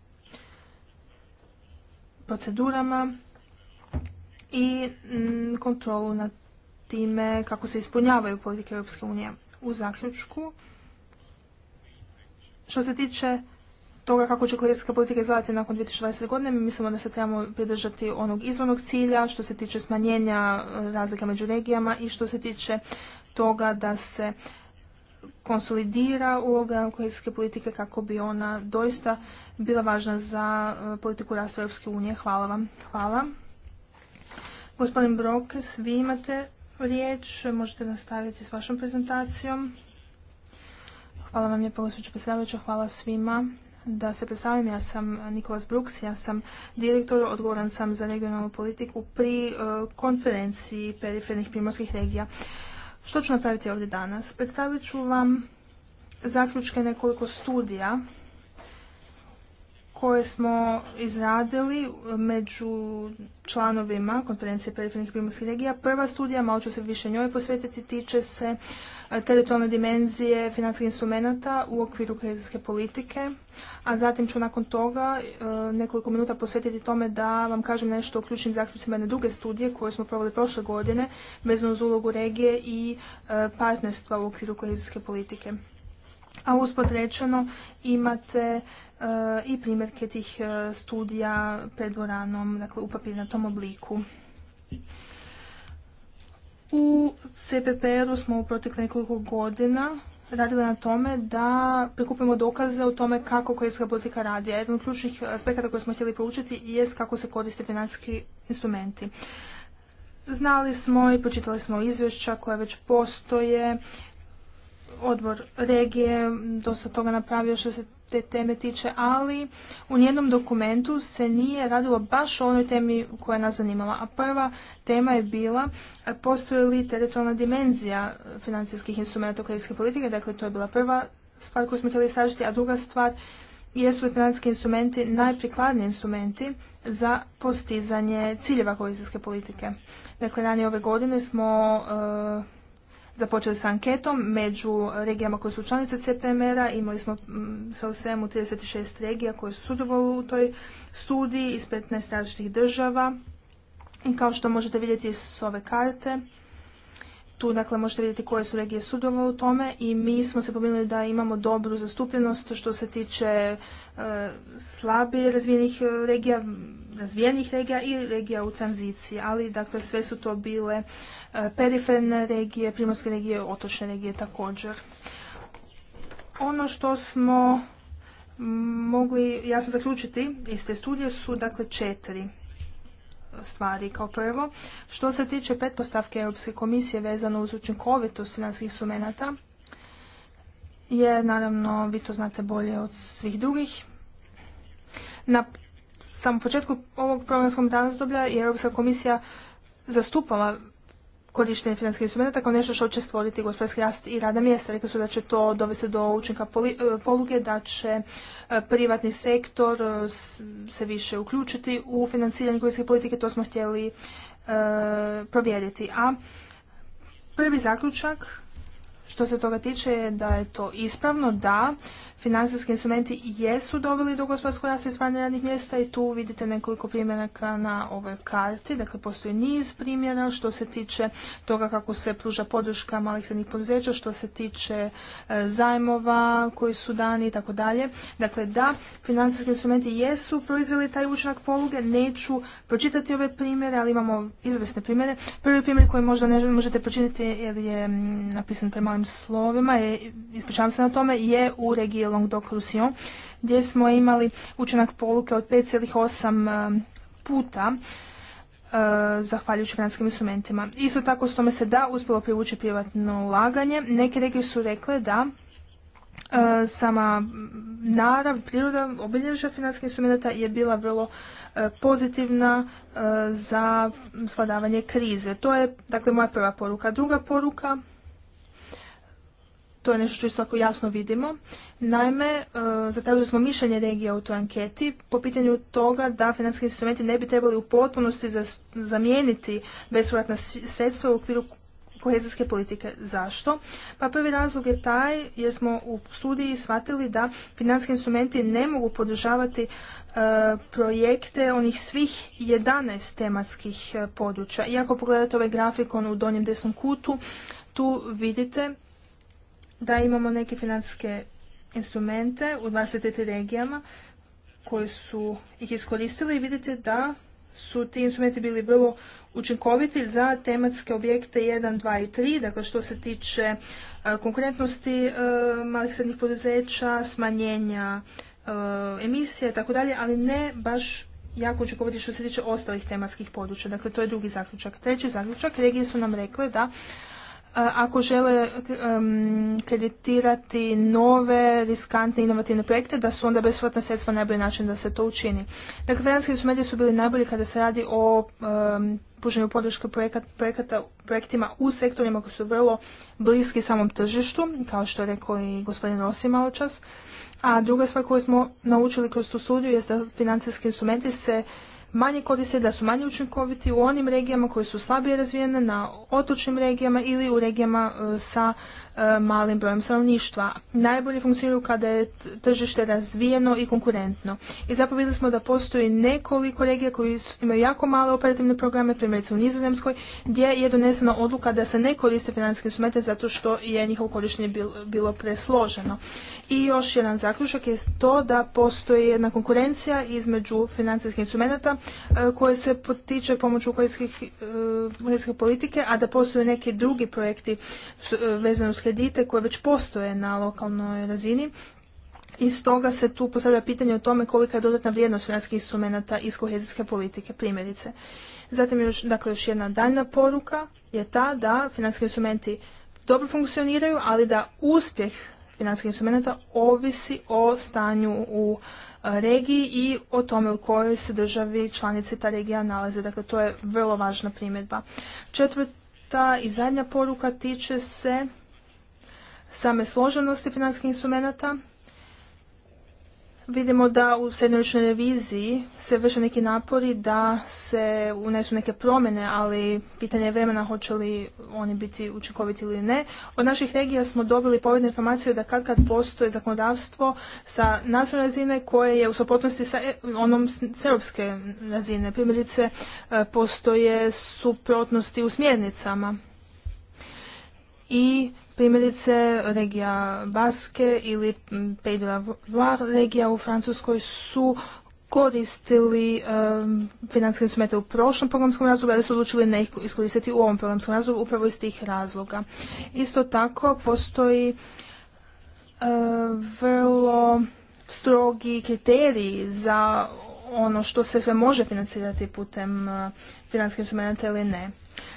procedurama i mm, kontrolu nad time kako se ispunjavaju politike Europske unije. U zaključku, što se tiče toga kako će kohezijska politika izgledati nakon 2020. godine, mi mislimo da se trebamo pridržati onog izvornog cilja što se tiče smanjenja e, razlika među regijama i što se tiče toga da se konsolidira uloga kohezijske politike kako bi ona doista bila važna za e, politiku rasta Europske unije. Hvala vam. Hvala. Gospodin Brokes, vi imate riječ, možete nastaviti s vašom prezentacijom. Hvala vam lijepo, gospođo predsjedavajuća, hvala svima. Da se predstavim, ja sam Nikolas Bruks, ja sam direktor, odgovoran sam za regionalnu politiku pri e, konferenciji perifernih primorskih regija. Što ću napraviti ovdje danas? Predstavit ću vam zaključke nekoliko studija koje smo izradili među članovima konferencije perifernih primorskih regija. Prva studija, malo ću se više njoj posvetiti, tiče se teritorijalne dimenzije financijskih instrumenata u okviru kohezijske politike, a zatim ću nakon toga e, nekoliko minuta posvetiti tome da vam kažem nešto o ključnim zaključcima jedne druge studije koje smo proveli prošle godine vezano uz ulogu regije i e, partnerstva u okviru kohezijske politike. A uspod rečeno imate e, i primjerke tih studija pred dvoranom, dakle u papirnatom obliku. U CPPR-u smo u protekle nekoliko godina radili na tome da prikupimo dokaze o tome kako korejska politika radi. A jedan od ključnih aspekata koje smo htjeli proučiti je kako se koriste financijski instrumenti. Znali smo i pročitali smo izvješća koja već postoje. Odbor regije dosta toga napravio što se te teme tiče, ali u jednom dokumentu se nije radilo baš o onoj temi koja je nas zanimala. A prva tema je bila e, postoji li teritorijalna dimenzija financijskih instrumenta kredijske politike, dakle to je bila prva stvar koju smo htjeli istražiti, a druga stvar jesu li financijski instrumenti najprikladniji instrumenti za postizanje ciljeva kohezijske politike. Dakle, ranije ove godine smo e, započeli sa anketom među regijama koje su članice CPMR-a. Imali smo mm, sve u svemu 36 regija koje su sudjelovale u toj studiji iz 15 različitih država. I kao što možete vidjeti s ove karte, tu dakle možete vidjeti koje su regije sudjelovale u tome i mi smo se pobrinuli da imamo dobru zastupljenost što se tiče e, slabije razvijenih regija, razvijenih regija i regija u tranziciji, ali dakle sve su to bile e, periferne regije, primorske regije, otočne regije također. Ono što smo mogli jasno zaključiti iz te studije su dakle četiri stvari. Kao prvo, što se tiče pretpostavke Europske komisije vezano uz učinkovitost financijskih sumenata je naravno, vi to znate bolje od svih drugih, na samom početku ovog programskog razdoblja je Europska komisija zastupala korištenje financijskih instrumenta kao nešto što će stvoriti gospodarski rast i rada mjesta. Rekli su da će to dovesti do učinka e, poluge, da će e, privatni sektor e, se više uključiti u financiranje korištenje politike, to smo htjeli provjeriti. A prvi zaključak što se toga tiče je da je to ispravno, da financijski instrumenti jesu doveli do gospodarskog rasta i radnih mjesta i tu vidite nekoliko primjeraka na ovoj karti. Dakle, postoji niz primjera što se tiče toga kako se pruža podrška malih srednjih poduzeća, što se tiče e, zajmova koji su dani i tako dalje. Dakle, da, financijski instrumenti jesu proizveli taj učinak poluge. Neću pročitati ove primjere, ali imamo izvesne primjere. Prvi primjer koji možda ne možete pročitati jer je napisan malim slovima, ispričavam se na tome, je u regiji dijalog do gdje smo imali učinak poluke od 5,8 e, puta e, zahvaljujući financijskim instrumentima. Isto tako s tome se da uspjelo privući privatno ulaganje. Neke regije su rekle da e, sama narav, priroda, obilježja financijskih instrumenta je bila vrlo pozitivna za svladavanje krize. To je dakle moja prva poruka. Druga poruka to je nešto što isto tako jasno vidimo. Naime, e, zatražili smo mišljenje regija u toj anketi po pitanju toga da financijski instrumenti ne bi trebali u potpunosti zamijeniti bespovratna sredstva u okviru kohezijske politike. Zašto? Pa prvi razlog je taj jer smo u studiji shvatili da financijski instrumenti ne mogu podržavati e, projekte onih svih 11 tematskih e, područja. Iako pogledate ovaj grafikon u donjem desnom kutu, tu vidite da imamo neke financijske instrumente u 23 regijama koji su ih iskoristili i vidite da su ti instrumenti bili vrlo učinkoviti za tematske objekte 1, 2 i 3, dakle što se tiče e, konkurentnosti e, malih srednjih poduzeća, smanjenja e, emisije i tako dalje, ali ne baš jako učinkoviti što se tiče ostalih tematskih područja. Dakle, to je drugi zaključak. Treći zaključak, regije su nam rekle da ako žele kreditirati nove, riskantne, inovativne projekte, da su onda besplatna sredstva najbolji način da se to učini. Dakle, financijski instrumenti su bili najbolji kada se radi o um, podrške projekata, projektima u sektorima koji su vrlo bliski samom tržištu, kao što je rekao i gospodin Rossi malo čas. A druga stvar koju smo naučili kroz tu studiju je da financijski instrumenti se manje koriste, da su manje učinkoviti u onim regijama koje su slabije razvijene, na otočnim regijama ili u regijama e, sa E, malim brojem stanovništva. Najbolje funkcioniraju kada je tržište razvijeno i konkurentno. I zapravo vidjeli smo da postoji nekoliko regija koji imaju jako male operativne programe, primjerice u Nizozemskoj, gdje je donesena odluka da se ne koriste financijske instrumente zato što je njihovo korištenje bilo presloženo. I još jedan zaključak je to da postoji jedna konkurencija između financijskih instrumenta e, koje se potiče pomoću e, kohezijske politike, a da postoje neki drugi projekti vezani uz kredite koje već postoje na lokalnoj razini i stoga se tu postavlja pitanje o tome kolika je dodatna vrijednost financijskih instrumenta iz kohezijske politike, primjerice. Zatim još, dakle, još jedna daljna poruka je ta da financijski instrumenti dobro funkcioniraju, ali da uspjeh financijskih instrumenta ovisi o stanju u e, regiji i o tome u kojoj se državi članici ta regija nalaze. Dakle, to je vrlo važna primjedba. Četvrta i zadnja poruka tiče se same složenosti financijskih instrumenata, vidimo da u srednjoročnoj reviziji se vrše neki napori da se unesu neke promjene, ali pitanje je vremena hoće li oni biti učinkoviti ili ne. Od naših regija smo dobili povednu informacije da kad kad postoje zakonodavstvo sa nacionalne razine koje je u suprotnosti sa e, onom s razine. Primjerice, e, postoje suprotnosti u smjernicama. I Primjerice, regija Baske ili Pays de la regija u Francuskoj su koristili financijske instrumente u prošlom programskom razdoblju, ali su odlučili ne iskoristiti u ovom programskom razlogu upravo iz tih razloga. Isto tako postoji e, vrlo strogi kriteriji za ono što se sve može financirati putem uh, e, financijskih instrumenta ili ne.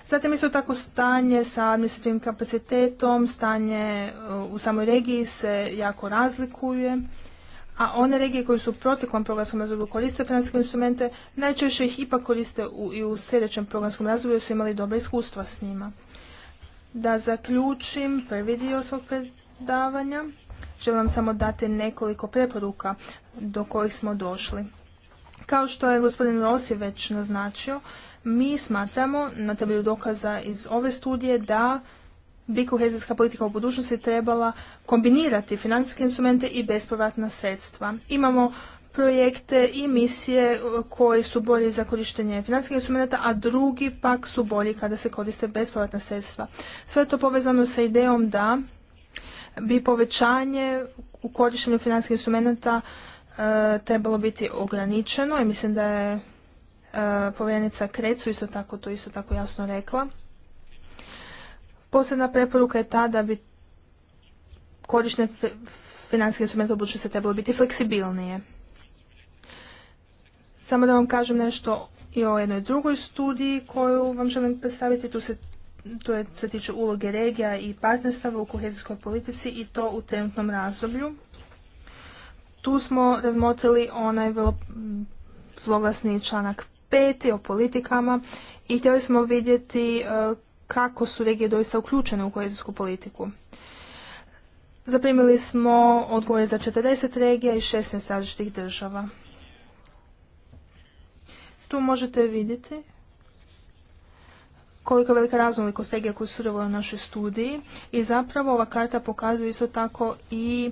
Zatim isto tako stanje sa administrativnim kapacitetom, stanje e, u samoj regiji se jako razlikuje, a one regije koje su u proteklom programskom razdoblju koriste financijske instrumente, najčešće ih ipak koriste i u sljedećem programskom razdoblju jer su imali dobra iskustva s njima. Da zaključim prvi dio svog predavanja, želim vam samo dati nekoliko preporuka do kojih smo došli. Kao što je gospodin Rossi već naznačio, mi smatramo na temelju dokaza iz ove studije da bi kohezijska politika u budućnosti trebala kombinirati financijske instrumente i bespovratna sredstva. Imamo projekte i misije e, koji su bolji za korištenje financijskih instrumenta, a drugi pak su bolji kada se koriste bespovratna sredstva. Sve je to povezano sa idejom da bi povećanje u korištenju financijskih instrumenta e, trebalo biti ograničeno i mislim da je E, povjerenica Krecu isto tako to isto tako jasno rekla. Posebna preporuka je ta da bi korištene financijske instrumente u se trebalo biti fleksibilnije. Samo da vam kažem nešto i o jednoj drugoj studiji koju vam želim predstaviti. Tu se je, se tiče uloge regija i partnerstava u kohezijskoj politici i to u trenutnom razdoblju. Tu smo razmotrili onaj vrlo zloglasni članak peti o politikama i htjeli smo vidjeti e, kako su regije doista uključene u kohezijsku politiku. Zaprimili smo odgovore za 40 regija i 16 različitih država. Tu možete vidjeti koliko velika raznolikost regija koju su u našoj studiji i zapravo ova karta pokazuje isto tako i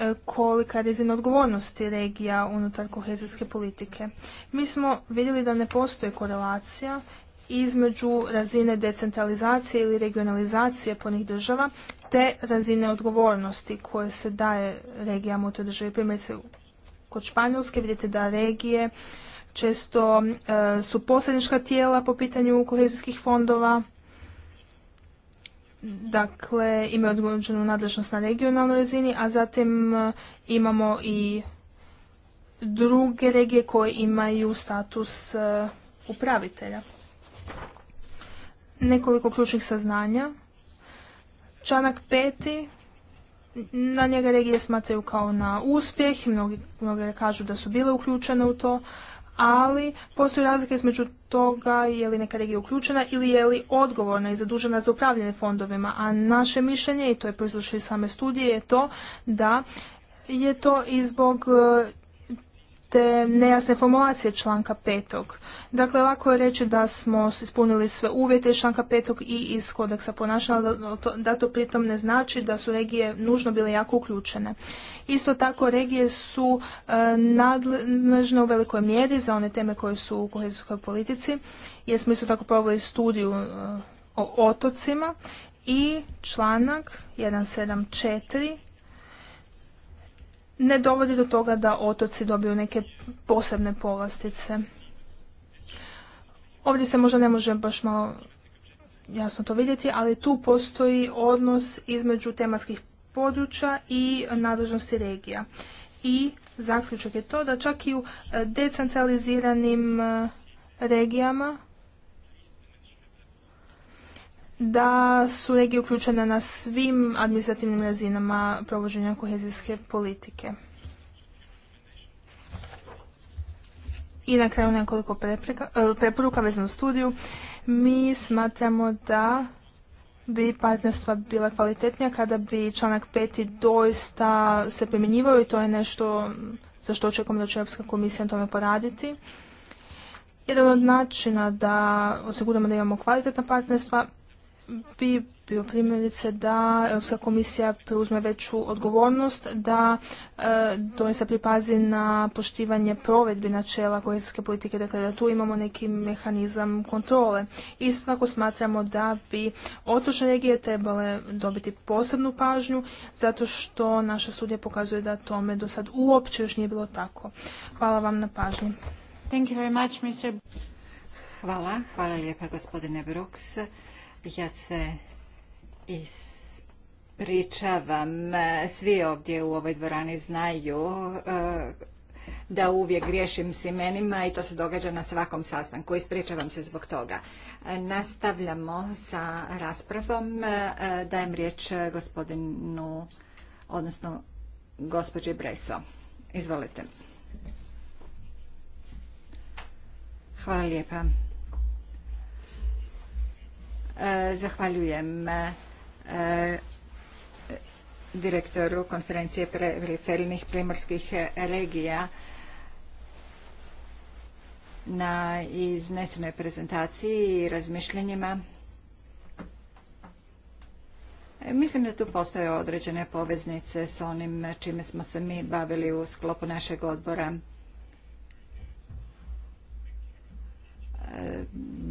E, kolika je razina odgovornosti regija unutar kohezijske politike. Mi smo vidjeli da ne postoji korelacija između razine decentralizacije ili regionalizacije ponih država te razine odgovornosti koje se daje regijama u toj državi. Primjerice, kod Španjolske vidite da regije često e, su posrednička tijela po pitanju kohezijskih fondova dakle imaju odgođenu nadležnost na regionalnoj razini, a zatim e, imamo i druge regije koje imaju status e, upravitelja. Nekoliko ključnih saznanja. Članak peti, na njega regije smatraju kao na uspjeh, mnogi, mnogi kažu da su bile uključene u to, ali postoji razlika između toga je li neka regija uključena ili je li odgovorna i zadužena za upravljanje fondovima. A naše mišljenje, i to je proizvršio iz same studije, je to da je to i zbog te nejasne formulacije članka petog. Dakle, lako je reći da smo ispunili sve uvjete iz članka petog i iz kodeksa ponašanja, da to pritom ne znači da su regije nužno bile jako uključene. Isto tako, regije su e, nadležne u velikoj mjeri za one teme koje su u kohezijskoj politici, jer smo isto tako proveli studiju e, o otocima i članak 174 ne dovodi do toga da otoci dobiju neke posebne povlastice. Ovdje se možda ne može baš malo jasno to vidjeti, ali tu postoji odnos između tematskih područja i nadležnosti regija. I zaključak je to da čak i u e, decentraliziranim e, regijama da su regije uključene na svim administrativnim razinama provođenja kohezijske politike. I na kraju nekoliko e, preporuka vezano studiju. Mi smatramo da bi partnerstva bila kvalitetnija kada bi članak 5. doista se primjenjivao i to je nešto za što očekujem da će Europska komisija na tome poraditi. Jedan od načina da osiguramo da imamo kvalitetna partnerstva bi bio primjerice da Europska komisija preuzme veću odgovornost, da e, doista pripazi na poštivanje provedbi načela kohezijske politike, dakle da tu imamo neki mehanizam kontrole. Isto tako smatramo da bi otočne regije trebale dobiti posebnu pažnju, zato što naša studija pokazuje da tome do sad uopće još nije bilo tako. Hvala vam na pažnji. Thank you very much, Mr. Hvala, hvala lijepa gospodine Brooks. Ja se ispričavam. Svi ovdje u ovoj dvorani znaju e, da uvijek griješim s imenima i to se događa na svakom sastanku. Ispričavam se zbog toga. Nastavljamo sa raspravom. E, dajem riječ gospodinu, odnosno gospođi Breso. Izvolite. Hvala lijepa. E, zahvaljujem e, direktoru konferencije periferijnih primorskih e, regija na iznesenoj prezentaciji i razmišljenjima. Mislim da tu postoje određene poveznice s onim čime smo se mi bavili u sklopu našeg odbora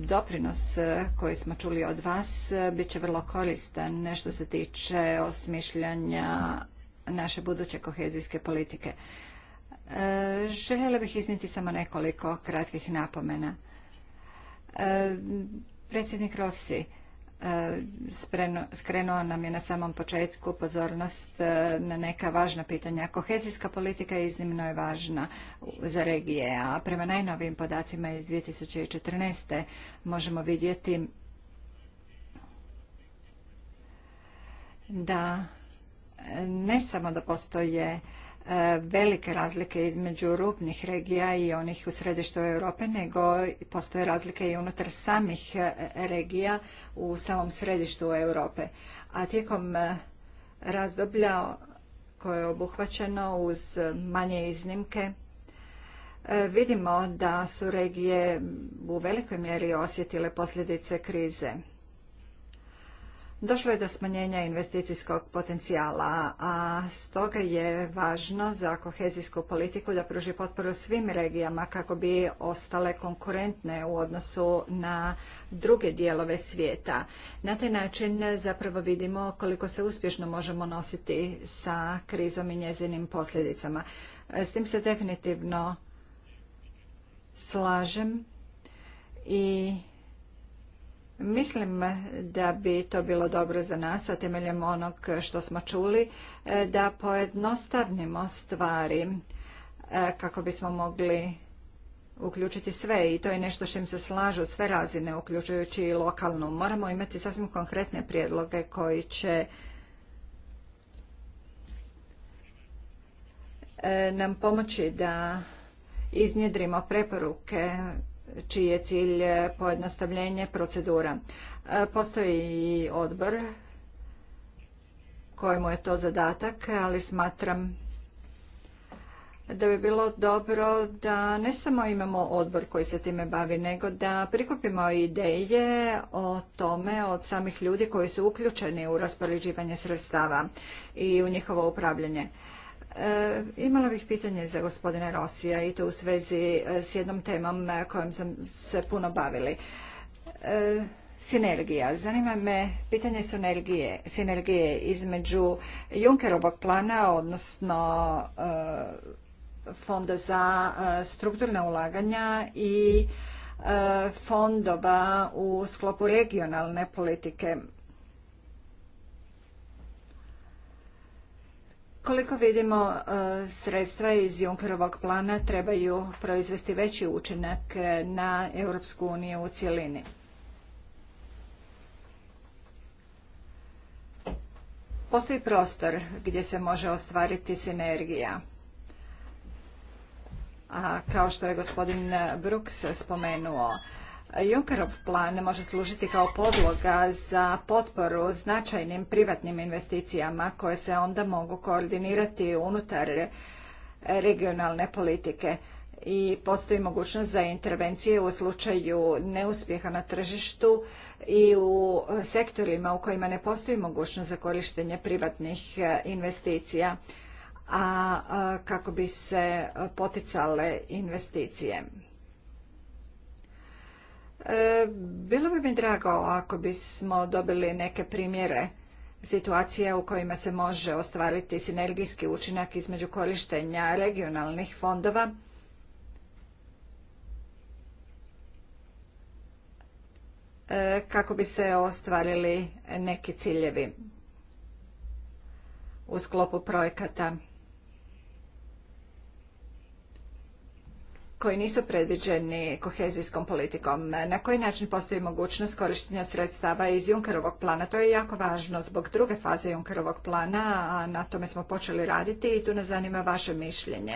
doprinos e, koji smo čuli od vas e, bit će vrlo koristan što se tiče osmišljanja naše buduće kohezijske politike. E, željela bih izniti samo nekoliko kratkih napomena. Predsjednik Rosi, E, skrenuo nam je na samom početku pozornost e, na neka važna pitanja. Kohezijska politika je iznimno je važna za regije, a prema najnovijim podacima iz 2014. možemo vidjeti da e, ne samo da postoje E, velike razlike između rubnih regija i onih u središtu Europe, nego postoje razlike i unutar samih e, regija u samom središtu Europe. A tijekom e, razdoblja koje je obuhvaćeno uz manje iznimke, vidimo da su regije u velikoj mjeri osjetile posljedice krize. Došlo je do smanjenja investicijskog potencijala, a stoga je važno za kohezijsku politiku da pruži potporu svim regijama kako bi ostale konkurentne u odnosu na druge dijelove svijeta. Na taj način zapravo vidimo koliko se uspješno možemo nositi sa krizom i njezinim posljedicama. S tim se definitivno slažem i Mislim da bi to bilo dobro za nas, a temeljem onog što smo čuli, e, da pojednostavnimo stvari e, kako bismo mogli uključiti sve i to je nešto što im se slažu sve razine, uključujući i lokalnu. Moramo imati sasvim konkretne prijedloge koji će e, nam pomoći da iznjedrimo preporuke čiji je cilj pojednostavljenje procedura. E, postoji i odbor kojemu je to zadatak, ali smatram da bi bilo dobro da ne samo imamo odbor koji se time bavi, nego da prikupimo ideje o tome od samih ljudi koji su uključeni u raspoređivanje sredstava i u njihovo upravljanje. E, imala bih pitanje za gospodina Rosija i to u svezi e, s jednom temom e, kojom sam se puno bavili. Sinergija. Zanima me pitanje sinergije, sinergije između Junckerovog plana, odnosno fonda za strukturna ulaganja i fondova u sklopu regionalne politike. Koliko vidimo, e, sredstva iz Junkerovog plana trebaju proizvesti veći učinak na Europsku uniju u cjelini. Postoji prostor gdje se može ostvariti sinergija. A kao što je gospodin Brooks spomenuo, Junkerov plan može služiti kao podloga za potporu značajnim privatnim investicijama koje se onda mogu koordinirati unutar regionalne politike i postoji mogućnost za intervencije u slučaju neuspjeha na tržištu i u sektorima u kojima ne postoji mogućnost za korištenje privatnih e, investicija, a kako bi se poticale investicije. E, bilo bi mi drago ako bismo dobili neke primjere situacija u kojima se može ostvariti sinergijski učinak između korištenja regionalnih fondova e, kako bi se ostvarili neki ciljevi u sklopu projekata. koji nisu predviđeni kohezijskom politikom. Na koji način postoji mogućnost korištenja sredstava iz Junkerovog plana? To je jako važno zbog druge faze Junkerovog plana, a na tome smo počeli raditi i tu nas zanima vaše mišljenje.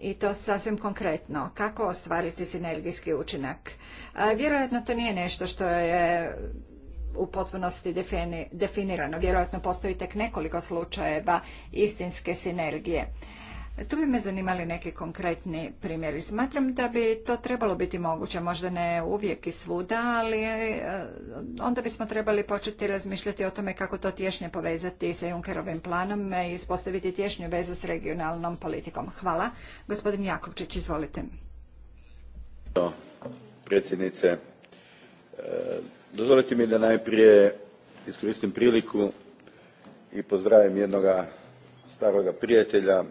I to sasvim konkretno. Kako ostvariti sinergijski učinak? Vjerojatno to nije nešto što je u potpunosti definirano. Vjerojatno postoji tek nekoliko slučajeva istinske sinergije. Tu bi me zanimali neki konkretni primjeri. Smatram da bi to trebalo biti moguće, možda ne uvijek i svuda, ali e, onda bismo trebali početi razmišljati o tome kako to tješnje povezati sa Junkerovim planom i ispostaviti tješnju vezu s regionalnom politikom. Hvala. Gospodin Jakovčić, izvolite. Predsjednice, e, dozvolite mi da najprije iskoristim priliku i pozdravim jednoga staroga prijatelja,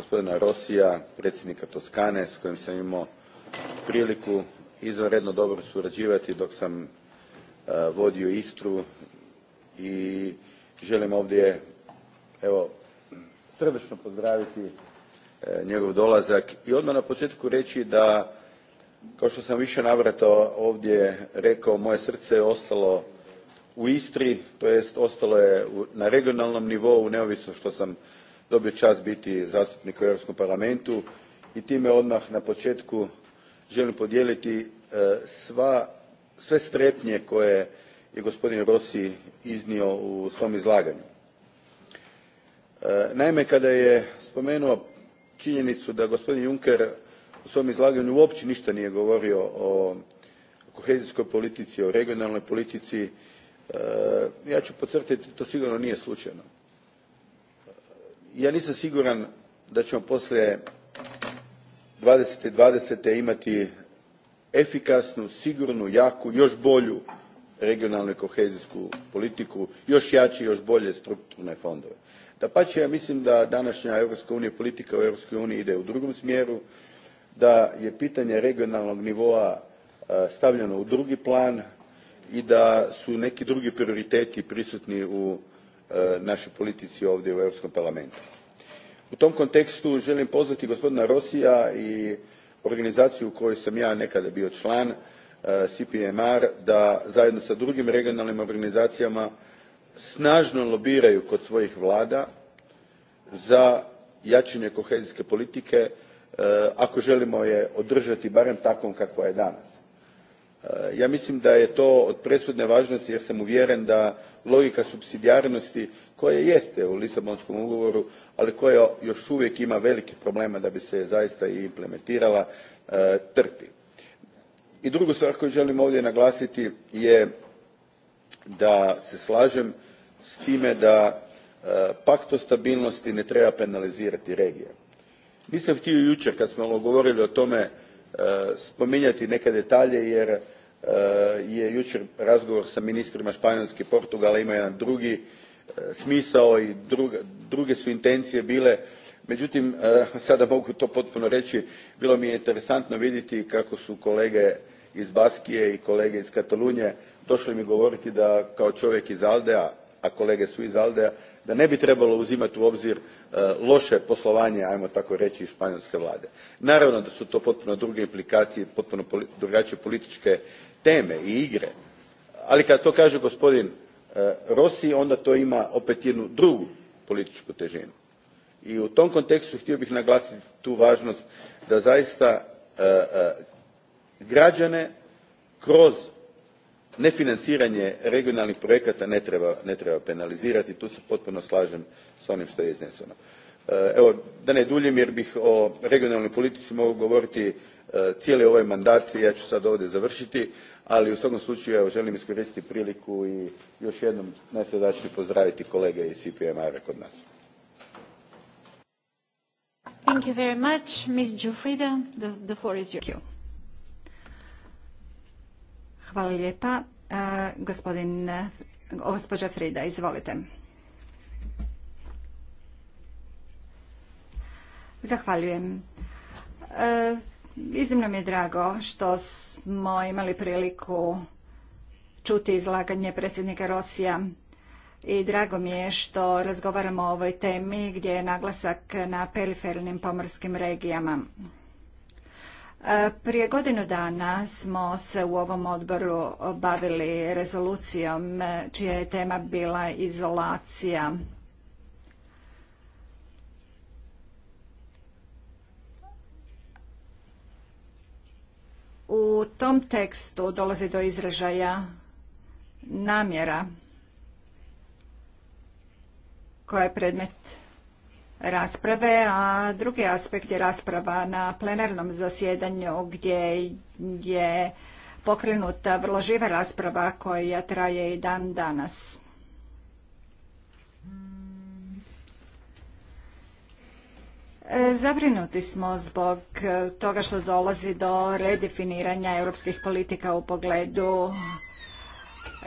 gospodina Rosija, predsjednika Toskane, s kojim sam imao priliku izvanredno dobro surađivati dok sam e, vodio Istru i želim ovdje evo, srdečno pozdraviti e, njegov dolazak i odmah na početku reći da kao što sam više navrata ovdje rekao moje srce je ostalo u istri to jest ostalo je na regionalnom nivou neovisno što sam dobio čast biti zastupnik u europskom parlamentu i time odmah na početku želim podijeliti e, sva, sve strepnje koje je gospodin rossi iznio u svom izlaganju. E, naime kada je spomenuo činjenicu da gospodin juncker u svom izlaganju uopće ništa nije govorio o kohezijskoj politici o regionalnoj politici e, ja ću podcrtati to sigurno nije slučajno ja nisam siguran da ćemo poslije twenty twenty imati efikasnu sigurnu jaku još bolju regionalnu i kohezijsku politiku još jače i još bolje strukturne fondove. dapače ja mislim da današnja europska unija politika u europskoj uniji ide u drugom smjeru da je pitanje regionalnog nivoa e, stavljeno u drugi plan i da su neki drugi prioriteti prisutni u Eh, našoj politici ovdje u europskom parlamentu. u tom kontekstu želim pozvati gospodina Rosija i organizaciju u kojoj sam ja nekada bio član eh, cpmr da zajedno sa drugim regionalnim organizacijama snažno lobiraju kod svojih vlada za jačanje kohezijske politike eh, ako želimo je održati barem takvom kakva je danas. Eh, ja mislim da je to od presudne važnosti jer sam uvjeren da logika supsidijarnosti koja jeste u lisabonskom ugovoru ali koja još uvijek ima velike problema da bi se zaista i implementirala eh, trpi. i drugu stvar koju želim ovdje naglasiti je da se slažem s time da eh, pakt o stabilnosti ne treba penalizirati regije. nisam htio jučer kad smo govorili o tome Eh, spominjati neke detalje jer eh, je jučer razgovor sa ministrima španjolske i portugala imao jedan drugi eh, smisao i druge su intencije bile međutim sada mogu to potpuno reći bilo mi je interesantno vidjeti kako su kolege iz baskije i kolege iz katalunije došli mi govoriti da kao čovjek iz alde a kolege su iz alde da ne bi trebalo uzimati u obzir e, loše poslovanje ajmo tako reći španjolske vlade. naravno da su to potpuno druge implikacije potpuno drugačije političke teme i igre ali kad to kaže gospodin e, rossi onda to ima opet jednu drugu političku težinu. i u tom kontekstu htio bih naglasiti tu važnost da zaista e, građane kroz nefinanciranje regionalnih projekata ne treba, penalizirati tu se potpuno slažem s onim što je izneseno. E, evo, da ne duljim jer bih o regionalnoj politici mogao govoriti e, cijeli ovaj mandat ja ću sad ovdje završiti ali u svakom slučaju evo, želim iskoristiti priliku i još jednom najsrdačnije pozdraviti kolege iz cpm a kod nas. Thank you very much. Ms. the, Hvala lijepa. Gospodin, gospođa Frida, izvolite. Zahvaljujem. Iznimno mi je drago što smo imali priliku čuti izlaganje predsjednika Rosija i drago mi je što razgovaramo o ovoj temi gdje je naglasak na perifernim pomorskim regijama. E, prije godinu dana smo se u ovom odboru bavili rezolucijom e, čija je tema bila izolacija. U tom tekstu dolazi do izražaja namjera koja je predmet rasprave, a drugi aspekt je rasprava na plenarnom zasjedanju gdje je pokrenuta vrlo živa rasprava koja traje i dan danas. E, zabrinuti smo zbog toga što dolazi do redefiniranja europskih politika u pogledu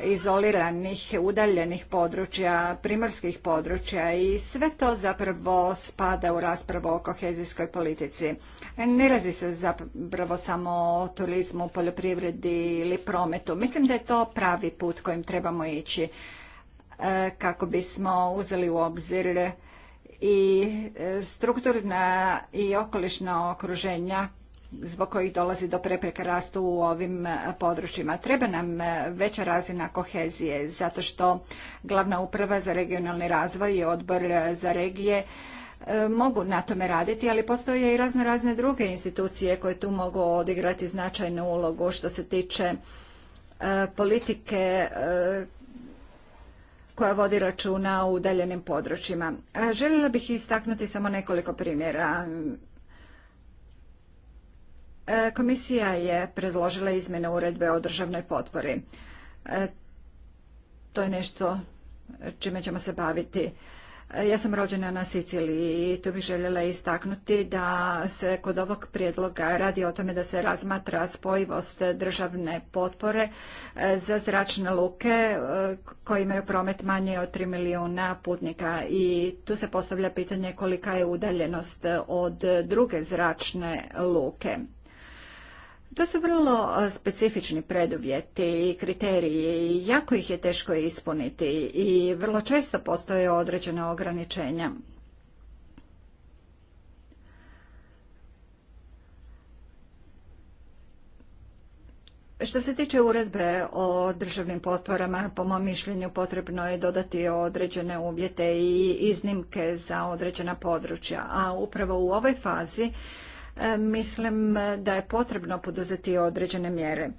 izoliranih, udaljenih područja, primorskih područja i sve to zapravo spada u raspravu o kohezijskoj politici. Ne razi se zapravo samo o turizmu, poljoprivredi ili prometu. Mislim da je to pravi put kojim trebamo ići e, kako bismo uzeli u obzir i e, strukturna i okolišna okruženja zbog kojih dolazi do prepreka rastu u ovim e, područjima. Treba nam e, veća razina kohezije zato što glavna uprava za regionalni razvoj i odbor e, za regije mogu na tome raditi, ali postoje i razno razne druge institucije koje tu mogu odigrati značajnu ulogu što se tiče politike koja vodi računa u udaljenim područjima. Željela bih istaknuti samo nekoliko primjera. E, komisija je predložila izmjene uredbe o državnoj potpori. E, to je nešto čime ćemo se baviti. E, ja sam rođena na Siciliji i tu bih željela istaknuti da se kod ovog prijedloga radi o tome da se razmatra spojivost državne potpore za zračne luke koje imaju promet manje od 3 milijuna putnika i tu se postavlja pitanje kolika je udaljenost od druge zračne luke. To su vrlo e, specifični preduvjeti i kriteriji, jako ih je teško ispuniti i vrlo često postoje određena ograničenja. Što se tiče uredbe o državnim potporama, po mom mišljenju potrebno je dodati određene uvjete i iznimke za određena područja, a upravo u ovoj fazi E, mislim e, da je potrebno poduzeti određene mjere.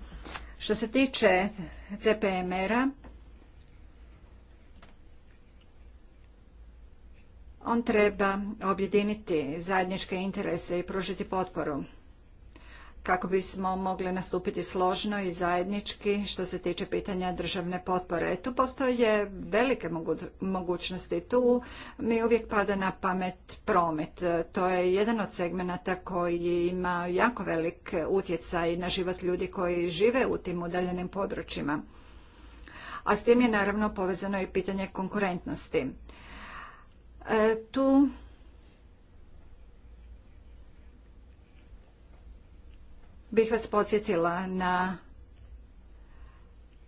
Što se tiče CPMR-a, on treba objediniti zajedničke interese i pružiti potporu kako bismo mogli nastupiti složno i zajednički što se tiče pitanja državne potpore. Tu postoje velike mogućnosti. Tu mi uvijek pada na pamet promet. To je jedan od segmenata koji ima jako velik utjecaj na život ljudi koji žive u tim udaljenim područjima. A s tim je naravno povezano i pitanje konkurentnosti. E, tu bih vas podsjetila na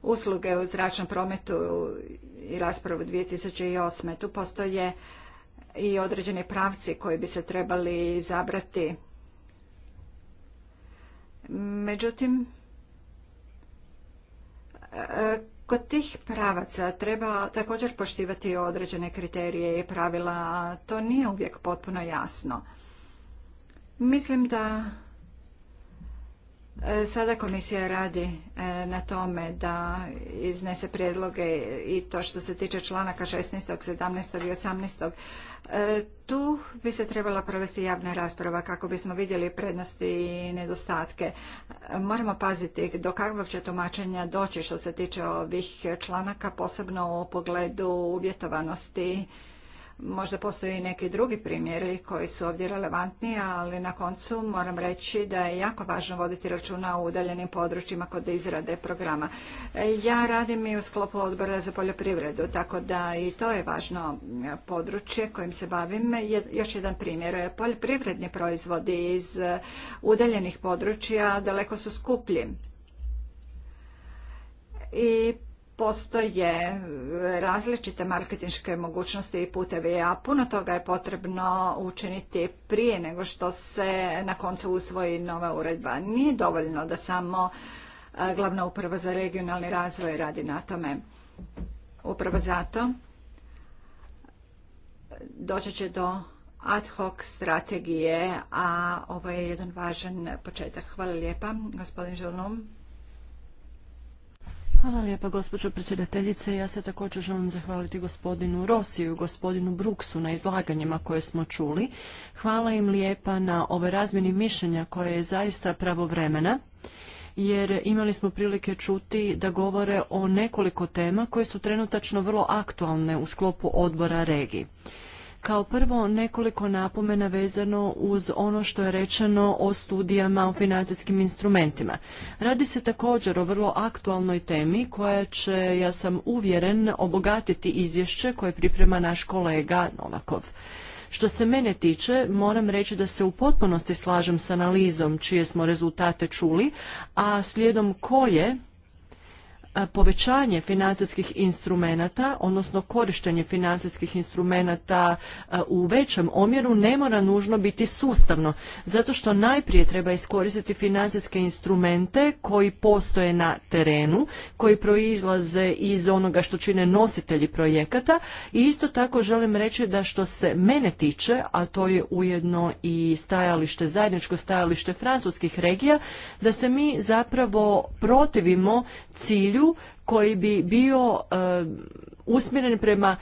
usluge u zračnom prometu i raspravu 2008. Tu postoje i određeni pravci koji bi se trebali izabrati. Međutim, kod tih pravaca treba također poštivati određene kriterije i pravila. To nije uvijek potpuno jasno. Mislim da E, sada komisija radi e, na tome da iznese prijedloge i to što se tiče članaka 16., 17. i 18. E, tu bi se trebala provesti javna rasprava kako bismo vidjeli prednosti i nedostatke. Moramo paziti do kakvog će tumačenja doći što se tiče ovih članaka, posebno u pogledu uvjetovanosti Možda postoje i neki drugi primjeri koji su ovdje relevantni, ali na koncu moram reći da je jako važno voditi računa o udaljenim područjima kod izrade programa. E, ja radim i u sklopu odbora za poljoprivredu, tako da i to je važno područje kojim se bavim. Još jedan primjer, poljoprivredni proizvodi iz udaljenih područja daleko su skuplji i postoje različite marketinške mogućnosti i putevi, a puno toga je potrebno učiniti prije nego što se na koncu usvoji nova uredba. Nije dovoljno da samo e, glavna uprava za regionalni razvoj radi na tome. Upravo zato doći će do ad hoc strategije, a ovo je jedan važan početak. Hvala lijepa, gospodin Žilnum. Hvala lijepa gospođo predsjedateljice. Ja se također želim zahvaliti gospodinu Rosiju i gospodinu Bruksu na izlaganjima koje smo čuli. Hvala im lijepa na ove razmjeni mišljenja koja je zaista pravovremena jer imali smo prilike čuti da govore o nekoliko tema koje su trenutačno vrlo aktualne u sklopu odbora regiji. Kao prvo nekoliko napomena vezano uz ono što je rečeno o studijama o financijskim instrumentima. Radi se također o vrlo aktualnoj temi koja će, ja sam uvjeren, obogatiti izvješće koje priprema naš kolega Novakov. Što se mene tiče, moram reći da se u potpunosti slažem s analizom čije smo rezultate čuli, a slijedom koje povećanje financijskih instrumenata, odnosno korištenje financijskih instrumenata u većem omjeru ne mora nužno biti sustavno, zato što najprije treba iskoristiti financijske instrumente koji postoje na terenu, koji proizlaze iz onoga što čine nositelji projekata i isto tako želim reći da što se mene tiče, a to je ujedno i stajalište, zajedničko stajalište francuskih regija, da se mi zapravo protivimo cilju koji bi bio eh, usmjeren prema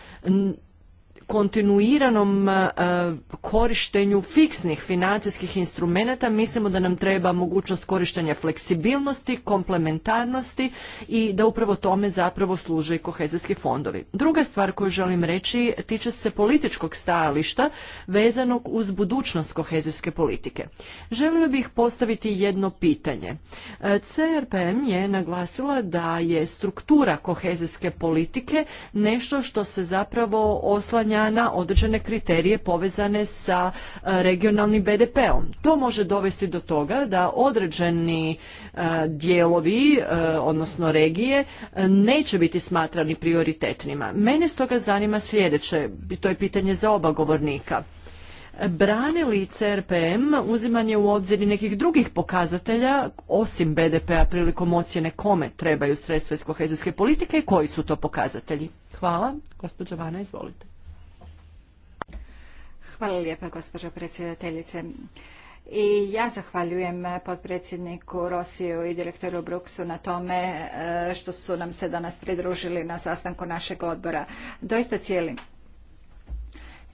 kontinuiranom e, e, korištenju fiksnih financijskih instrumenata mislimo da nam treba mogućnost korištenja fleksibilnosti, komplementarnosti i da upravo tome zapravo služe i kohezijski fondovi. Druga stvar koju želim reći tiče se političkog stajališta vezanog uz budućnost kohezijske politike. Želio bih postaviti jedno pitanje. E, CRPM je naglasila da je struktura kohezijske politike nešto što se zapravo oslanja na određene kriterije povezane sa e, regionalnim BDP-om. To može dovesti do toga da određeni e, dijelovi, e, odnosno regije, neće biti smatrani prioritetnima. Mene stoga zanima sljedeće, to je pitanje za oba govornika. Brane li CRPM uzimanje u obzir i nekih drugih pokazatelja osim BDP-a prilikom ocjene kome trebaju sredstva iz kohezijske politike i koji su to pokazatelji? Hvala. Gospođa Vana, izvolite. Hvala lijepa, gospođo predsjedateljice. I ja zahvaljujem potpredsjedniku Rosiju i direktoru Bruksu na tome e, što su nam se danas pridružili na sastanku našeg odbora. Doista cijelim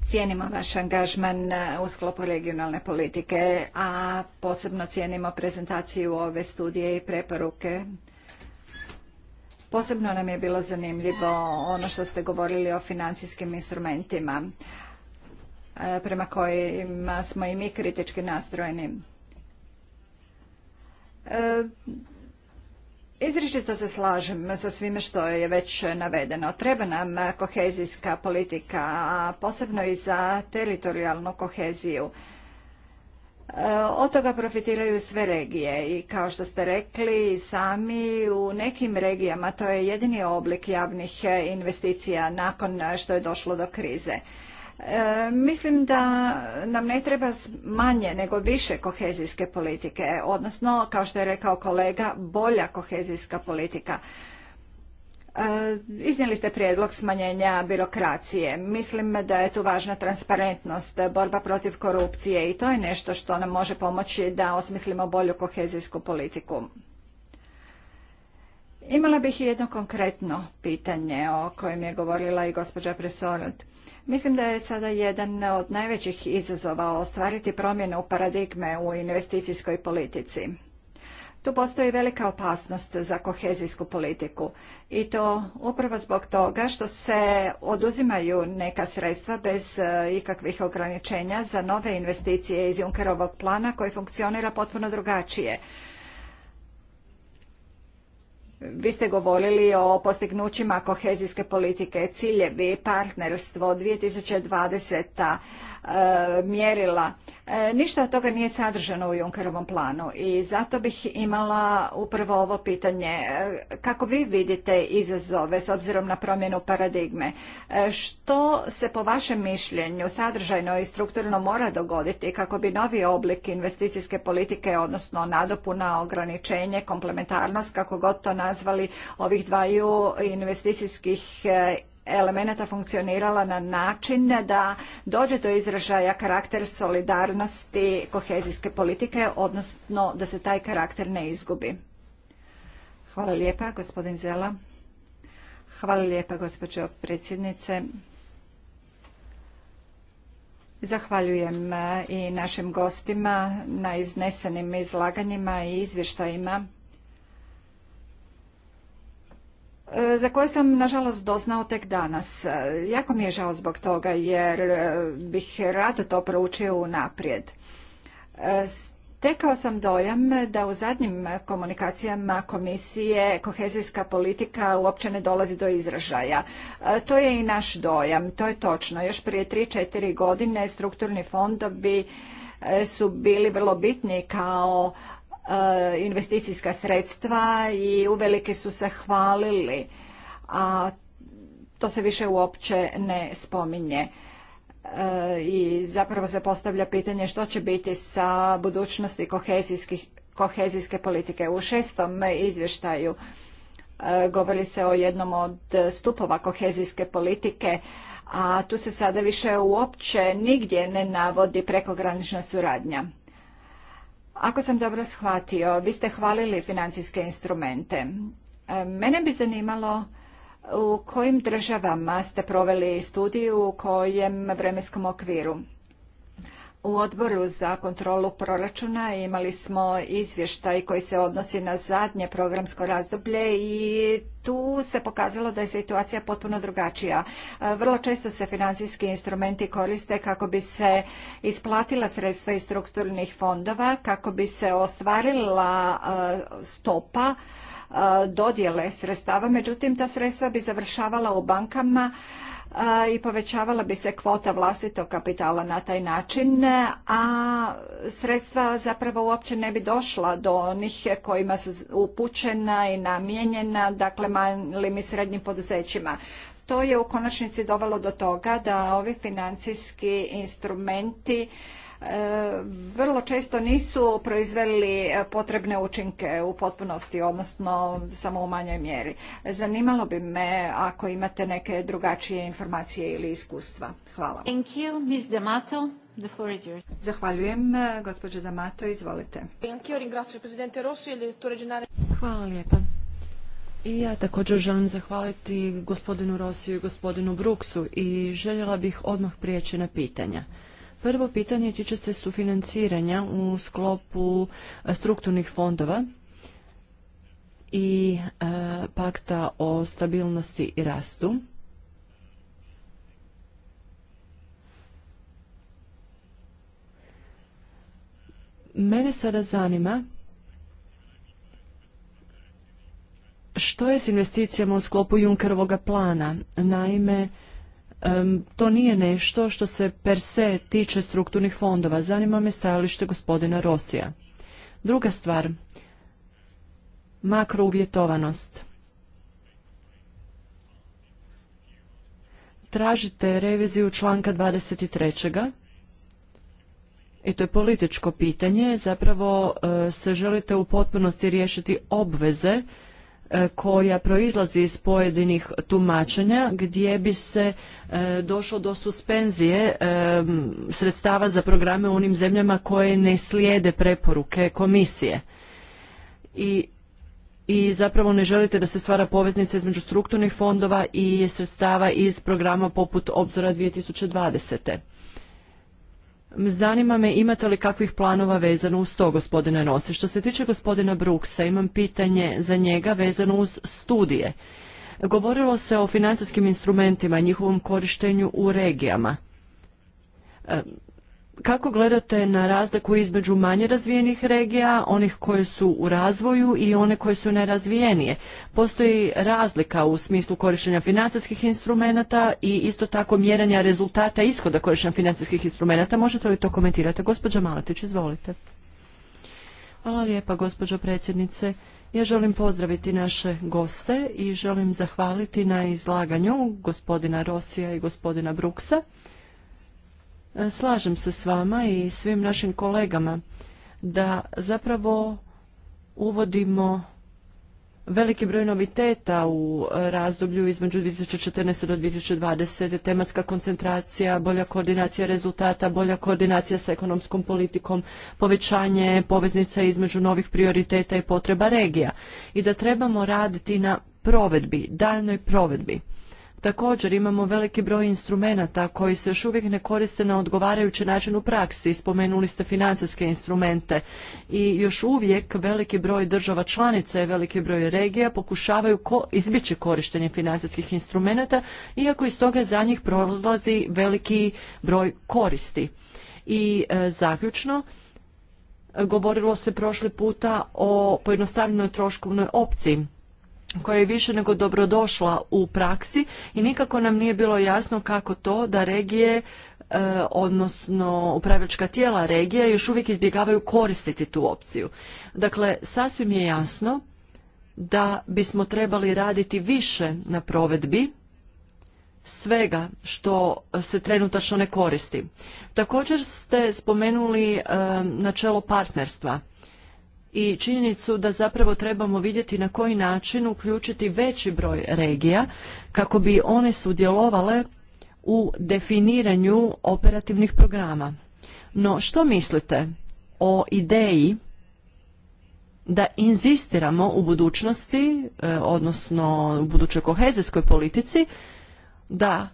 cijenimo vaš angažman e, u sklopu regionalne politike, a posebno cijenimo prezentaciju ove studije i preporuke. Posebno nam je bilo zanimljivo ono što ste govorili o financijskim instrumentima. E, prema kojima smo i mi kritički nastrojeni. E, izričito se slažem sa svime što je već navedeno. Treba nam kohezijska politika, a posebno i za teritorijalnu koheziju. E, od toga profitiraju sve regije i kao što ste rekli sami u nekim regijama to je jedini oblik javnih investicija nakon što je došlo do krize. E, mislim da nam ne treba manje nego više kohezijske politike, odnosno, kao što je rekao kolega, bolja kohezijska politika. E, iznijeli ste prijedlog smanjenja birokracije. Mislim da je tu važna transparentnost, borba protiv korupcije i to je nešto što nam može pomoći da osmislimo bolju kohezijsku politiku. Imala bih jedno konkretno pitanje o kojem je govorila i gospođa Presonat. Mislim da je sada jedan od najvećih izazova ostvariti promjenu paradigme u investicijskoj politici. Tu postoji velika opasnost za kohezijsku politiku i to upravo zbog toga što se oduzimaju neka sredstva bez e, ikakvih ograničenja za nove investicije iz Junkerovog plana koji funkcionira potpuno drugačije. Vi ste govorili o postignućima kohezijske politike, ciljevi, partnerstvo, 2020. E, mjerila. E, ništa od toga nije sadržano u Junkerovom planu i zato bih imala upravo ovo pitanje. E, kako vi vidite izazove s obzirom na promjenu paradigme? Što se po vašem mišljenju sadržajno i strukturno mora dogoditi kako bi novi oblik investicijske politike, odnosno nadopuna, ograničenje, komplementarnost, kako god to na nazvali ovih dvaju investicijskih e, elemenata funkcionirala na način da dođe do izražaja karakter solidarnosti kohezijske politike, odnosno da se taj karakter ne izgubi. Hvala lijepa, gospodin Zela. Hvala lijepa, gospođo predsjednice. Zahvaljujem e, i našim gostima na iznesenim izlaganjima i izvještajima. E, za koje sam nažalost doznao tek danas. E, jako mi je žao zbog toga jer e, bih rado to proučio u naprijed. Tekao sam dojam da u zadnjim komunikacijama komisije kohezijska politika uopće ne dolazi do izražaja. To je i naš dojam, to je točno. Još prije 3-4 godine strukturni fondovi su bili vrlo bitni kao E, investicijska sredstva i uvelike su se hvalili, a to se više uopće ne spominje e, i zapravo se postavlja pitanje što će biti sa budućnosti kohezijske politike. U šestom izvještaju e, govori se o jednom od stupova kohezijske politike, a tu se sada više uopće nigdje ne navodi prekogranična suradnja. Ako sam dobro shvatio, vi ste hvalili financijske instrumente. E, mene bi zanimalo u kojim državama ste proveli studiju, u kojem vremenskom okviru. U odboru za kontrolu proračuna imali smo izvještaj koji se odnosi na zadnje programsko razdoblje i tu se pokazalo da je situacija potpuno drugačija. E, vrlo često se financijski instrumenti koriste kako bi se isplatila sredstva iz strukturnih fondova, kako bi se ostvarila e, stopa e, dodjele sredstava, međutim ta sredstva bi završavala u bankama i povećavala bi se kvota vlastitog kapitala na taj način, a sredstva zapravo uopće ne bi došla do onih kojima su upućena i namijenjena, dakle malim i srednjim poduzećima. To je u konačnici dovelo do toga da ovi financijski instrumenti E, vrlo često nisu proizveli e, potrebne učinke u potpunosti, odnosno samo u manjoj mjeri. Zanimalo bi me ako imate neke drugačije informacije ili iskustva. Hvala. Thank you, D'Amato. Zahvaljujem. E, gospođo D'Amato, izvolite. Hvala lijepa. I ja također želim zahvaliti gospodinu Rosiju i gospodinu Bruksu i željela bih odmah prijeći na pitanja. Prvo pitanje tiče se sufinanciranja u sklopu e, strukturnih fondova i e, pakta o stabilnosti i rastu. Mene sada zanima što je s investicijama u sklopu Junkerovog plana. Naime, to nije nešto što se per se tiče strukturnih fondova. Zanima me stajalište gospodina Rosija. Druga stvar, makrouvjetovanost. Tražite reviziju članka 23. I to je političko pitanje. Zapravo e, se želite u potpunosti riješiti obveze E, koja proizlazi iz pojedinih tumačenja gdje bi se e, došlo do suspenzije e, sredstava za programe u onim zemljama koje ne slijede preporuke komisije. I, I zapravo ne želite da se stvara poveznica između strukturnih fondova i sredstava iz programa poput obzora 2020. Zanima me imate li kakvih planova vezano uz to, gospodine Nose. Što se tiče gospodina Bruksa, imam pitanje za njega vezano uz studije. Govorilo se o financijskim instrumentima, njihovom korištenju u regijama. E, kako gledate na razliku između manje razvijenih regija, onih koje su u razvoju i one koje su nerazvijenije? Postoji razlika u smislu korištenja financijskih instrumenata i isto tako mjeranja rezultata ishoda korištenja financijskih instrumenata. Možete li to komentirati? Gospođa Maletić, izvolite. Hvala lijepa, gospođo predsjednice. Ja želim pozdraviti naše goste i želim zahvaliti na izlaganju gospodina Rosija i gospodina Bruksa. E, slažem se s vama i svim našim kolegama da zapravo uvodimo veliki broj noviteta u razdoblju između 2014. do 2020. tematska koncentracija, bolja koordinacija rezultata, bolja koordinacija sa ekonomskom politikom, povećanje poveznica između novih prioriteta i potreba regija i da trebamo raditi na provedbi, daljnoj provedbi. Također imamo veliki broj instrumenata koji se još uvijek ne koriste na odgovarajući način u praksi. Spomenuli ste financijske instrumente i još uvijek veliki broj država članica i veliki broj regija pokušavaju ko izbjeći korištenje financijskih instrumenata iako iz toga za njih prolazi veliki broj koristi. I e, zaključno, govorilo se prošli puta o pojednostavljenoj troškovnoj opciji koja je više nego dobrodošla u praksi i nikako nam nije bilo jasno kako to da regije e, odnosno upravljačka tijela regije još uvijek izbjegavaju koristiti tu opciju. Dakle, sasvim je jasno da bismo trebali raditi više na provedbi svega što se trenutačno ne koristi. Također ste spomenuli e, načelo partnerstva i činjenicu da zapravo trebamo vidjeti na koji način uključiti veći broj regija kako bi one sudjelovale u definiranju operativnih programa. No što mislite o ideji da inzistiramo u budućnosti, e, odnosno u budućoj kohezijskoj politici, da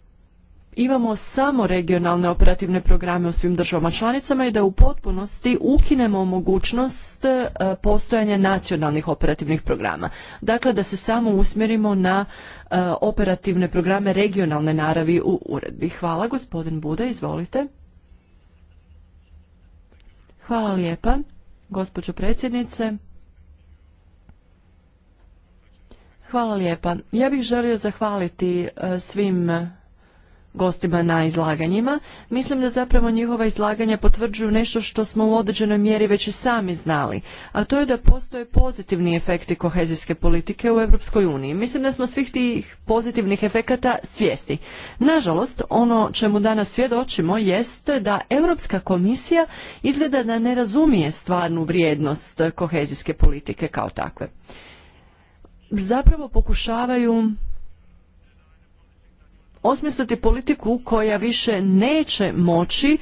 imamo samo regionalne operativne programe u svim državama članicama i da u potpunosti ukinemo mogućnost e, postojanja nacionalnih operativnih programa. Dakle, da se samo usmjerimo na e, operativne programe regionalne naravi u uredbi. Hvala, gospodin Buda, izvolite. Hvala lijepa, gospođo predsjednice. Hvala lijepa. Ja bih želio zahvaliti e, svim gostima na izlaganjima. Mislim da zapravo njihova izlaganja potvrđuju nešto što smo u određenoj mjeri već i sami znali, a to je da postoje pozitivni efekti kohezijske politike u Europskoj uniji. Mislim da smo svih tih pozitivnih efekata svijesti. Nažalost, ono čemu danas svjedočimo jest da Europska komisija izgleda da ne razumije stvarnu vrijednost kohezijske politike kao takve. Zapravo pokušavaju osmisliti politiku koja više neće moći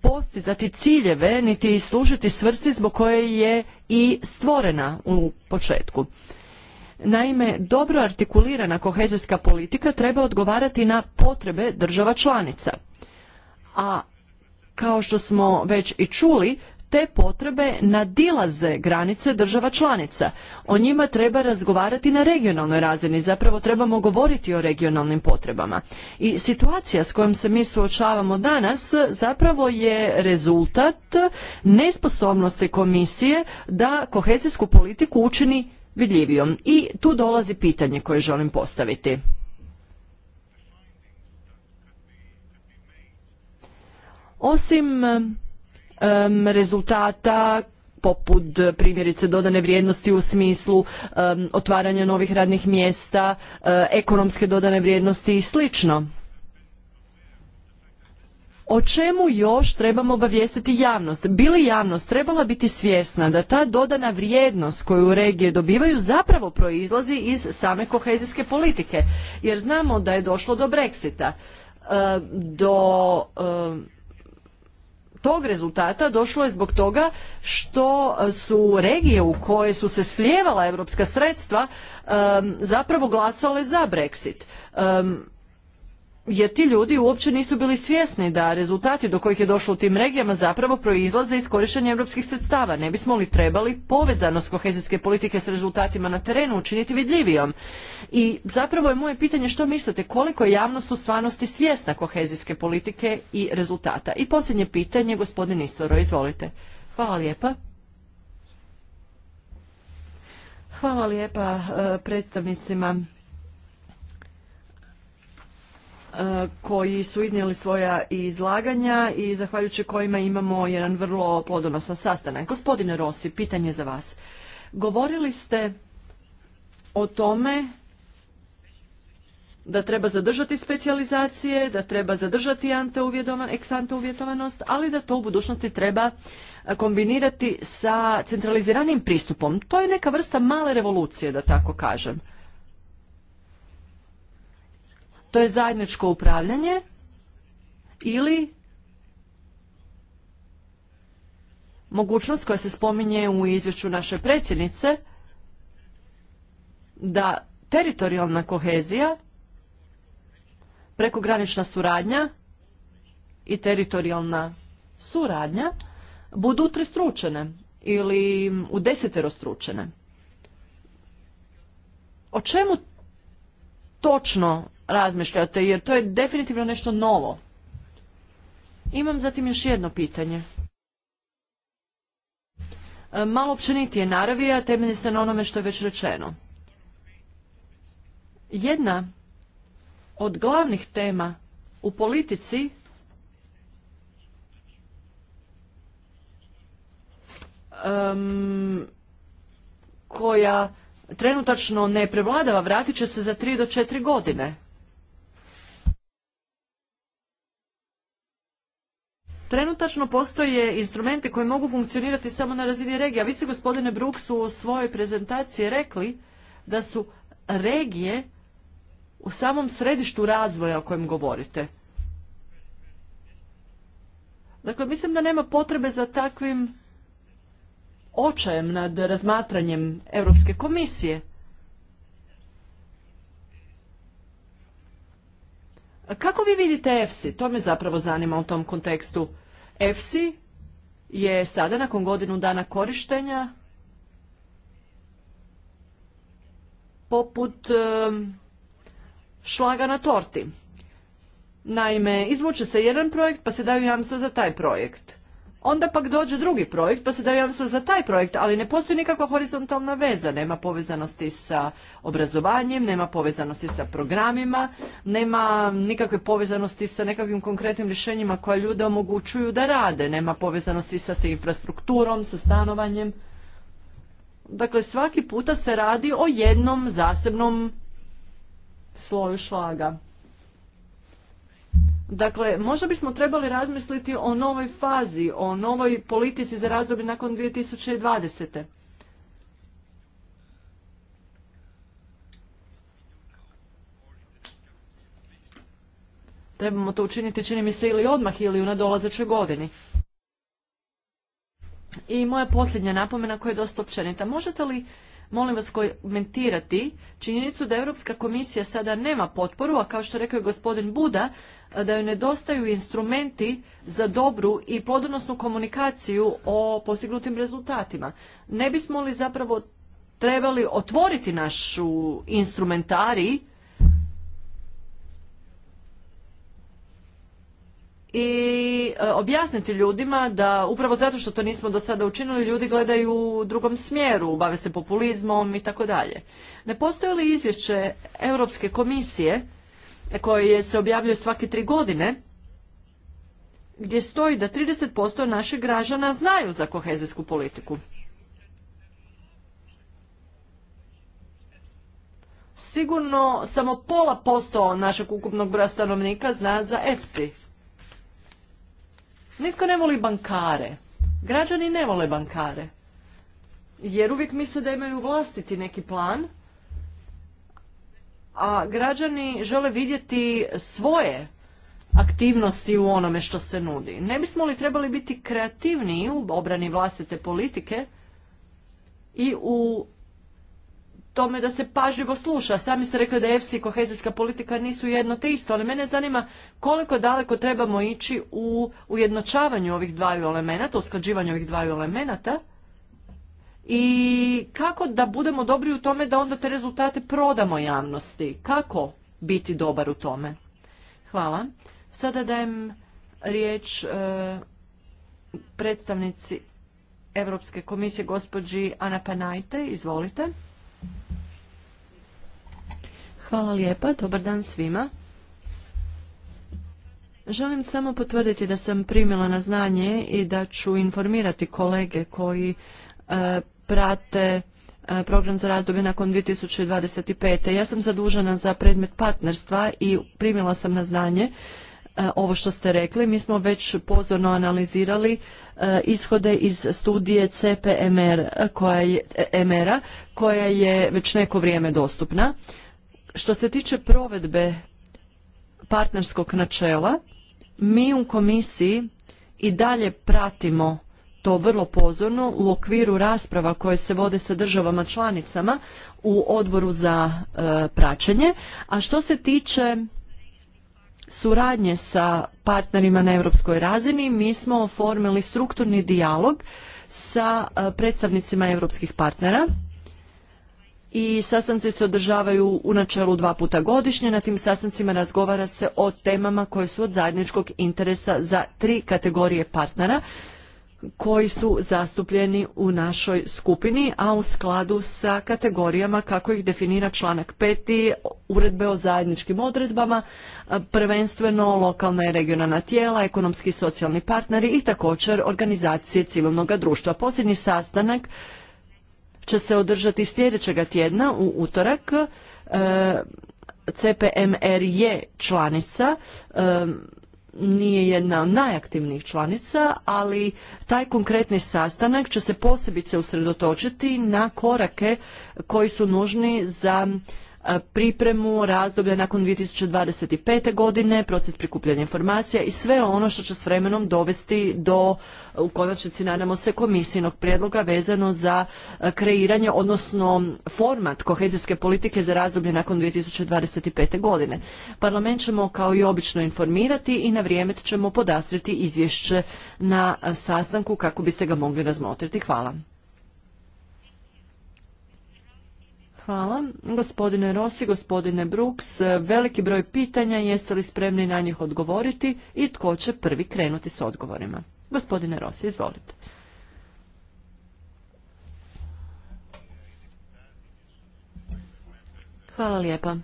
postizati ciljeve niti služiti svrsi zbog koje je i stvorena u početku. Naime, dobro artikulirana kohezijska politika treba odgovarati na potrebe država članica. A kao što smo već i čuli, te potrebe nadilaze granice država članica. O njima treba razgovarati na regionalnoj razini, zapravo trebamo govoriti o regionalnim potrebama. I situacija s kojom se mi suočavamo danas zapravo je rezultat nesposobnosti komisije da kohezijsku politiku učini vidljivijom. I tu dolazi pitanje koje želim postaviti. Osim rezultata poput primjerice dodane vrijednosti u smislu otvaranja novih radnih mjesta, eh, ekonomske dodane vrijednosti i slično. O čemu još trebamo obavijestiti javnost? Bili javnost trebala biti svjesna da ta dodana vrijednost koju regije dobivaju zapravo proizlazi iz same kohezijske politike. Jer znamo da je došlo do Brexita, eh, do tog rezultata došlo je zbog toga što su regije u koje su se slijevala europska sredstva zapravo glasale za Brexit jer ti ljudi uopće nisu bili svjesni da rezultati do kojih je došlo u tim regijama zapravo proizlaze iz korištenja europskih sredstava. Ne bismo li trebali povezanost kohezijske politike s rezultatima na terenu učiniti vidljivijom? I zapravo je moje pitanje što mislite koliko je javnost u stvarnosti svjesna kohezijske politike i rezultata? I posljednje pitanje, gospodin Istoro, izvolite. Hvala lijepa. Hvala lijepa e, predstavnicima koji su iznijeli svoja izlaganja i zahvaljujući kojima imamo jedan vrlo plodonosan sastanak. Gospodine Rossi, pitanje za vas. Govorili ste o tome da treba zadržati specijalizacije, da treba zadržati eksante uvjetovanost, ali da to u budućnosti treba kombinirati sa centraliziranim pristupom. To je neka vrsta male revolucije, da tako kažem to je zajedničko upravljanje ili mogućnost koja se spominje u izvješću naše predsjednice da teritorijalna kohezija, prekogranična suradnja i teritorijalna suradnja budu tristručene ili u stručene. O čemu točno razmišljate, jer to je definitivno nešto novo. Imam zatim još jedno pitanje. E, malo općenitije naravi, a temelji se na onome što je već rečeno. Jedna od glavnih tema u politici koja trenutačno ne prevladava, vratit će se za 3 do 4 godine. Trenutačno postoje instrumenti koji mogu funkcionirati samo na razini regija. Vi ste, gospodine Brooks, u svojoj prezentaciji rekli da su regije u samom središtu razvoja o kojem govorite. Dakle, mislim da nema potrebe za takvim očajem nad razmatranjem Europske komisije. Kako vi vidite EFSI? To me zapravo zanima u tom kontekstu. EFSI je sada nakon godinu dana korištenja poput šlaga na torti. Naime, izvuče se jedan projekt pa se daju jamstva za taj projekt. Onda pak dođe drugi projekt pa se daje za taj projekt, ali ne postoji nikakva horizontalna veza. Nema povezanosti sa obrazovanjem, nema povezanosti sa programima, nema nikakve povezanosti sa nekakvim konkretnim rješenjima koja ljude omogućuju da rade, nema povezanosti sa, sa infrastrukturom, sa stanovanjem. Dakle, svaki puta se radi o jednom zasebnom sloju šlaga. Dakle, možda bismo trebali razmisliti o novoj fazi, o novoj politici za razdoblje nakon 2020. Trebamo to učiniti, čini mi se, ili odmah ili u nadolazećoj godini. I moja posljednja napomena koja je dosta općenita. Možete li molim vas komentirati činjenicu da Europska komisija sada nema potporu, a kao što rekao je gospodin Buda, da joj nedostaju instrumenti za dobru i plodonosnu komunikaciju o postignutim rezultatima. Ne bismo li zapravo trebali otvoriti našu instrumentarij i e, objasniti ljudima da upravo zato što to nismo do sada učinili, ljudi gledaju u drugom smjeru, bave se populizmom i tako dalje. Ne postoji li izvješće Europske komisije e, koje se objavljuje svake tri godine, gdje stoji da 30% naših građana znaju za kohezijsku politiku. Sigurno samo pola posto našeg ukupnog broja stanovnika zna za EFSI Nitko ne voli bankare. Građani ne vole bankare. Jer uvijek misle da imaju vlastiti neki plan, a građani žele vidjeti svoje aktivnosti u onome što se nudi. Ne bismo li trebali biti kreativniji u obrani vlastite politike i u tome da se pažljivo sluša. Sami ste rekli da EFSI i kohezijska politika nisu jedno te isto, ali mene zanima koliko daleko trebamo ići u ujednočavanju ovih dvaju elemenata, usklađivanju ovih dvaju elemenata i kako da budemo dobri u tome da onda te rezultate prodamo javnosti. Kako biti dobar u tome? Hvala. Sada dajem riječ e, predstavnici Europske komisije, gospođi Ana Panajte. Izvolite. Hvala lijepa, dobar dan svima. Želim samo potvrditi da sam primila na znanje i da ću informirati kolege koji e, prate e, program za razdoblje nakon 2025. Ja sam zadužena za predmet partnerstva i primila sam na znanje E, ovo što ste rekli. Mi smo već pozorno analizirali e, ishode iz studije CPMR e, koja je, a koja je već neko vrijeme dostupna. Što se tiče provedbe partnerskog načela, mi u komisiji i dalje pratimo to vrlo pozorno u okviru rasprava koje se vode sa državama članicama u odboru za praćenje. A što se tiče suradnje sa partnerima na europskoj razini mi smo oformili strukturni dijalog sa e, predstavnicima europskih partnera i sastanci se održavaju u načelu dva puta godišnje. Na tim sastancima razgovara se o temama koje su od zajedničkog interesa za tri kategorije partnera koji su zastupljeni u našoj skupini, a u skladu sa kategorijama kako ih definira članak 5. uredbe o zajedničkim odredbama, prvenstveno lokalna i regionalna tijela, ekonomski i socijalni partneri i također organizacije civilnog društva. Posljednji sastanak će se održati sljedećega tjedna u utorak. E, CPMR je članica e, nije jedna od najaktivnijih članica, ali taj konkretni sastanak će se posebice usredotočiti na korake koji su nužni za pripremu razdoblja nakon 2025. godine, proces prikupljanja informacija i sve ono što će s vremenom dovesti do, u konačnici nadamo se, komisijnog prijedloga vezano za kreiranje, odnosno format kohezijske politike za razdoblje nakon 2025. godine. Parlament ćemo kao i obično informirati i na vrijeme ćemo podastriti izvješće na sastanku kako biste ga mogli razmotriti. Hvala. Hvala. Gospodine Rossi, gospodine Brooks, veliki broj pitanja, jeste li spremni na njih odgovoriti i tko će prvi krenuti s odgovorima? Gospodine Rossi, izvolite. Hvala lijepa.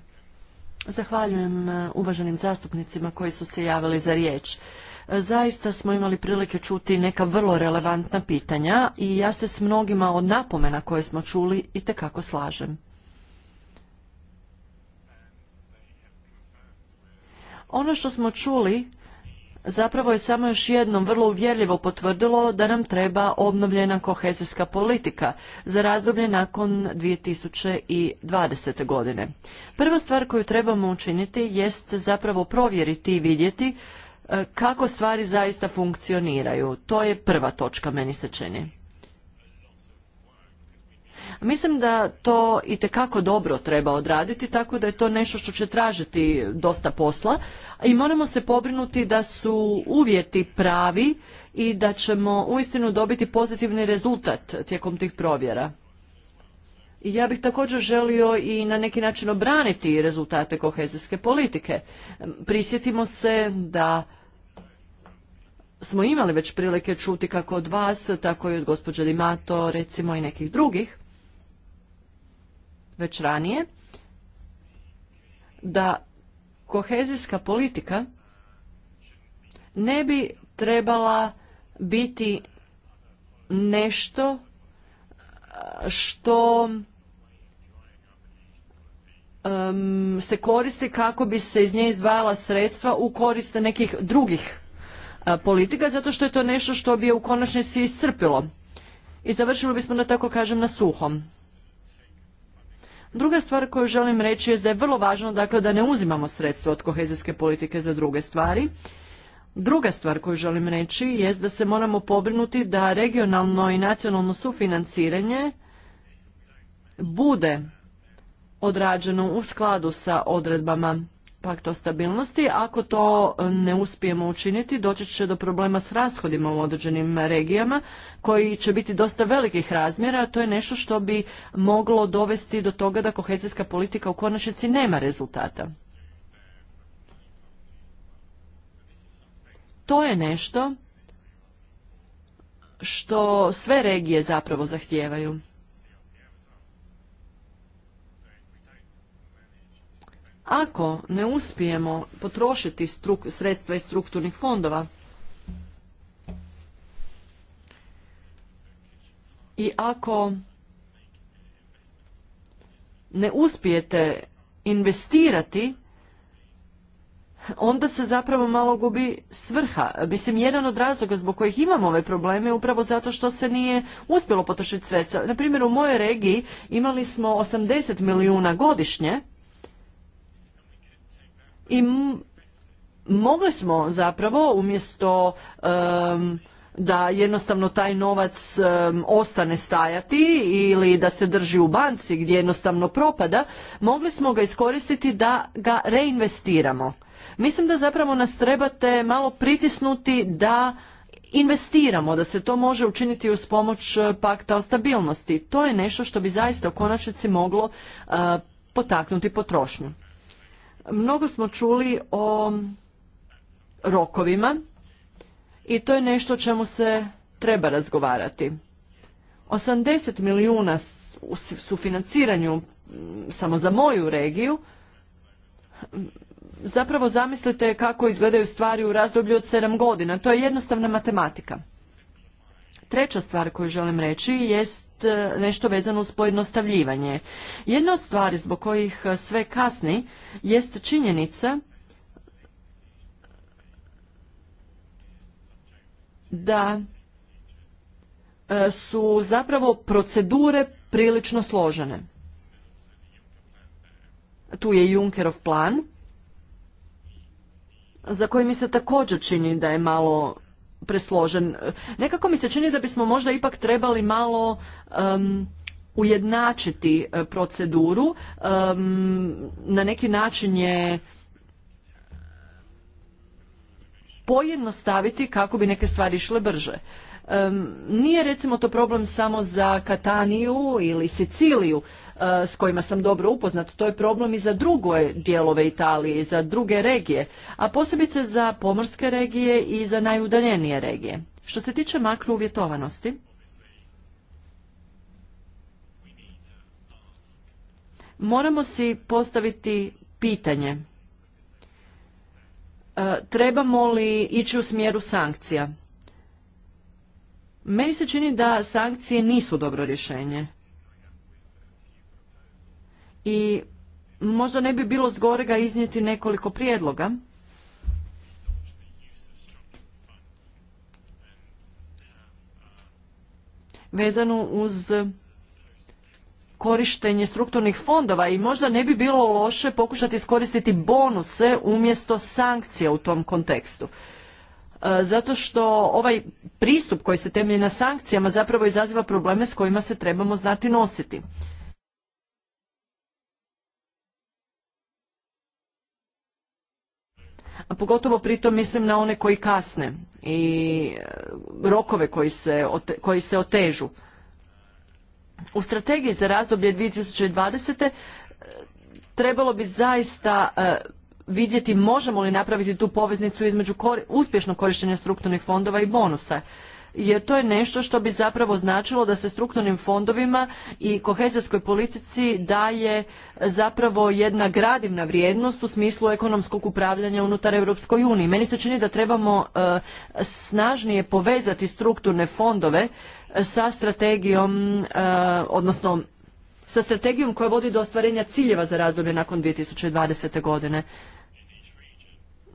Zahvaljujem uh, uvaženim zastupnicima koji su se javili za riječ. Uh, zaista smo imali prilike čuti neka vrlo relevantna pitanja i ja se s mnogima od napomena koje smo čuli i tekako slažem. Ono što smo čuli zapravo je samo još jednom vrlo uvjerljivo potvrdilo da nam treba obnovljena kohezijska politika za razdoblje nakon 2020. godine. Prva stvar koju trebamo učiniti jest zapravo provjeriti i vidjeti e, kako stvari zaista funkcioniraju. To je prva točka, meni se čini. Mislim da to i tekako dobro treba odraditi, tako da je to nešto što će tražiti dosta posla i moramo se pobrinuti da su uvjeti pravi i da ćemo uistinu dobiti pozitivni rezultat tijekom tih provjera. I ja bih također želio i na neki način obraniti rezultate kohezijske politike. Prisjetimo se da smo imali već prilike čuti kako od vas, tako i od gospođe Dimato, recimo i nekih drugih, već ranije, da kohezijska politika ne bi trebala biti nešto što se koristi kako bi se iz nje izdvajala sredstva u koriste nekih drugih politika, zato što je to nešto što bi je u konačnici iscrpilo. I završili bismo da tako kažem na suhom. Druga stvar koju želim reći je da je vrlo važno dakle, da ne uzimamo sredstva od kohezijske politike za druge stvari. Druga stvar koju želim reći je da se moramo pobrinuti da regionalno i nacionalno sufinanciranje bude odrađeno u skladu sa odredbama pakt o stabilnosti. Ako to e, ne uspijemo učiniti, doći će do problema s rashodima u određenim regijama koji će biti dosta velikih razmjera. To je nešto što bi moglo dovesti do toga da kohezijska politika u konačnici nema rezultata. To je nešto što sve regije zapravo zahtijevaju. Ako ne uspijemo potrošiti sredstva iz strukturnih fondova i ako ne uspijete investirati, onda se zapravo malo gubi svrha. Mislim, jedan od razloga zbog kojih imamo ove probleme je upravo zato što se nije uspjelo potrošiti sredstva. Na primjer, u mojoj regiji imali smo 80 milijuna godišnje, i mogli smo zapravo umjesto da jednostavno taj novac ostane stajati ili da se drži u banci gdje jednostavno propada, mogli smo ga iskoristiti da ga reinvestiramo. Mislim da zapravo nas trebate malo pritisnuti da investiramo, da se to može učiniti uz pomoć e, pakta o stabilnosti. To je nešto što bi zaista u konačnici moglo e, potaknuti potrošnju. Mnogo smo čuli o rokovima i to je nešto o čemu se treba razgovarati. 80 milijuna u sufinanciranju samo za moju regiju zapravo zamislite kako izgledaju stvari u razdoblju od 7 godina. To je jednostavna matematika. Treća stvar koju želim reći jest e, nešto vezano uz pojednostavljivanje. Jedna od stvari zbog kojih e, sve kasni jest činjenica da e, su zapravo procedure prilično složene. Tu je Junckerov plan, za koji mi se također čini da je malo presložen. Nekako mi se čini da bismo možda ipak trebali malo um, ujednačiti e, proceduru. Um, na neki način je pojednostaviti kako bi neke stvari išle brže. Nije recimo to problem samo za Kataniju ili Siciliju eh, s kojima sam dobro upoznat. To je problem i za druge dijelove Italije i za druge regije, a posebice za pomorske regije i za najudaljenije regije. Što se tiče makrouvjetovanosti, moramo si postaviti pitanje. Eh, trebamo li ići u smjeru sankcija? Meni se čini da sankcije nisu dobro rješenje. I možda ne bi bilo zgorega iznijeti nekoliko prijedloga. vezanu uz korištenje strukturnih fondova i možda ne bi bilo loše pokušati iskoristiti bonuse umjesto sankcija u tom kontekstu. E, zato što ovaj pristup koji se temelji na sankcijama zapravo izaziva probleme s kojima se trebamo znati nositi. A pogotovo pritom mislim na one koji kasne i e, rokove koji se, koji se otežu. U strategiji za razdoblje 2020. E, trebalo bi zaista vidjeti možemo li napraviti tu poveznicu između uspješnog korištenja strukturnih fondova i bonusa jer to je nešto što bi zapravo značilo da se strukturnim fondovima i kohezijskoj politici daje zapravo jedna gradivna vrijednost u smislu ekonomskog upravljanja unutar Europskoj uniji. Meni se čini da trebamo e, snažnije povezati strukturne fondove sa strategijom, e, odnosno sa strategijom koja vodi do ostvarenja ciljeva za razdoblje nakon 2020. godine.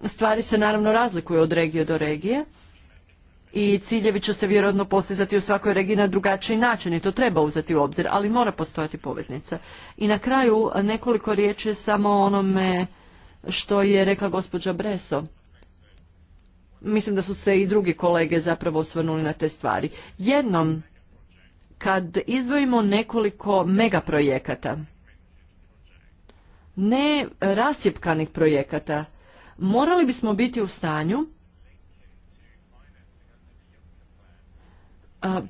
Stvari se naravno razlikuju od regije do regije i ciljevi će se vjerojatno postizati u svakoj regiji na drugačiji način i to treba uzeti u obzir, ali mora postojati poveznica. I na kraju nekoliko riječi samo o onome što je rekla gospođa Breso. Mislim da su se i drugi kolege zapravo osvrnuli na te stvari. Jednom, kad izdvojimo nekoliko megaprojekata, ne rasjepkanih projekata, morali bismo biti u stanju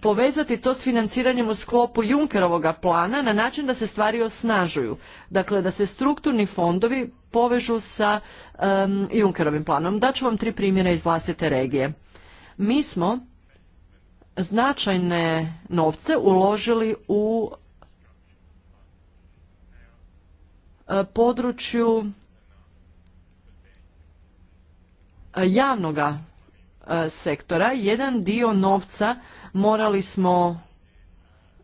povezati to s financiranjem u sklopu junkerovog plana na način da se stvari osnažuju. Dakle, da se strukturni fondovi povežu sa um, Junkerovim planom. Daću vam tri primjera iz vlastite regije. Mi smo značajne novce uložili u e, području javnoga e, sektora. Jedan dio novca morali smo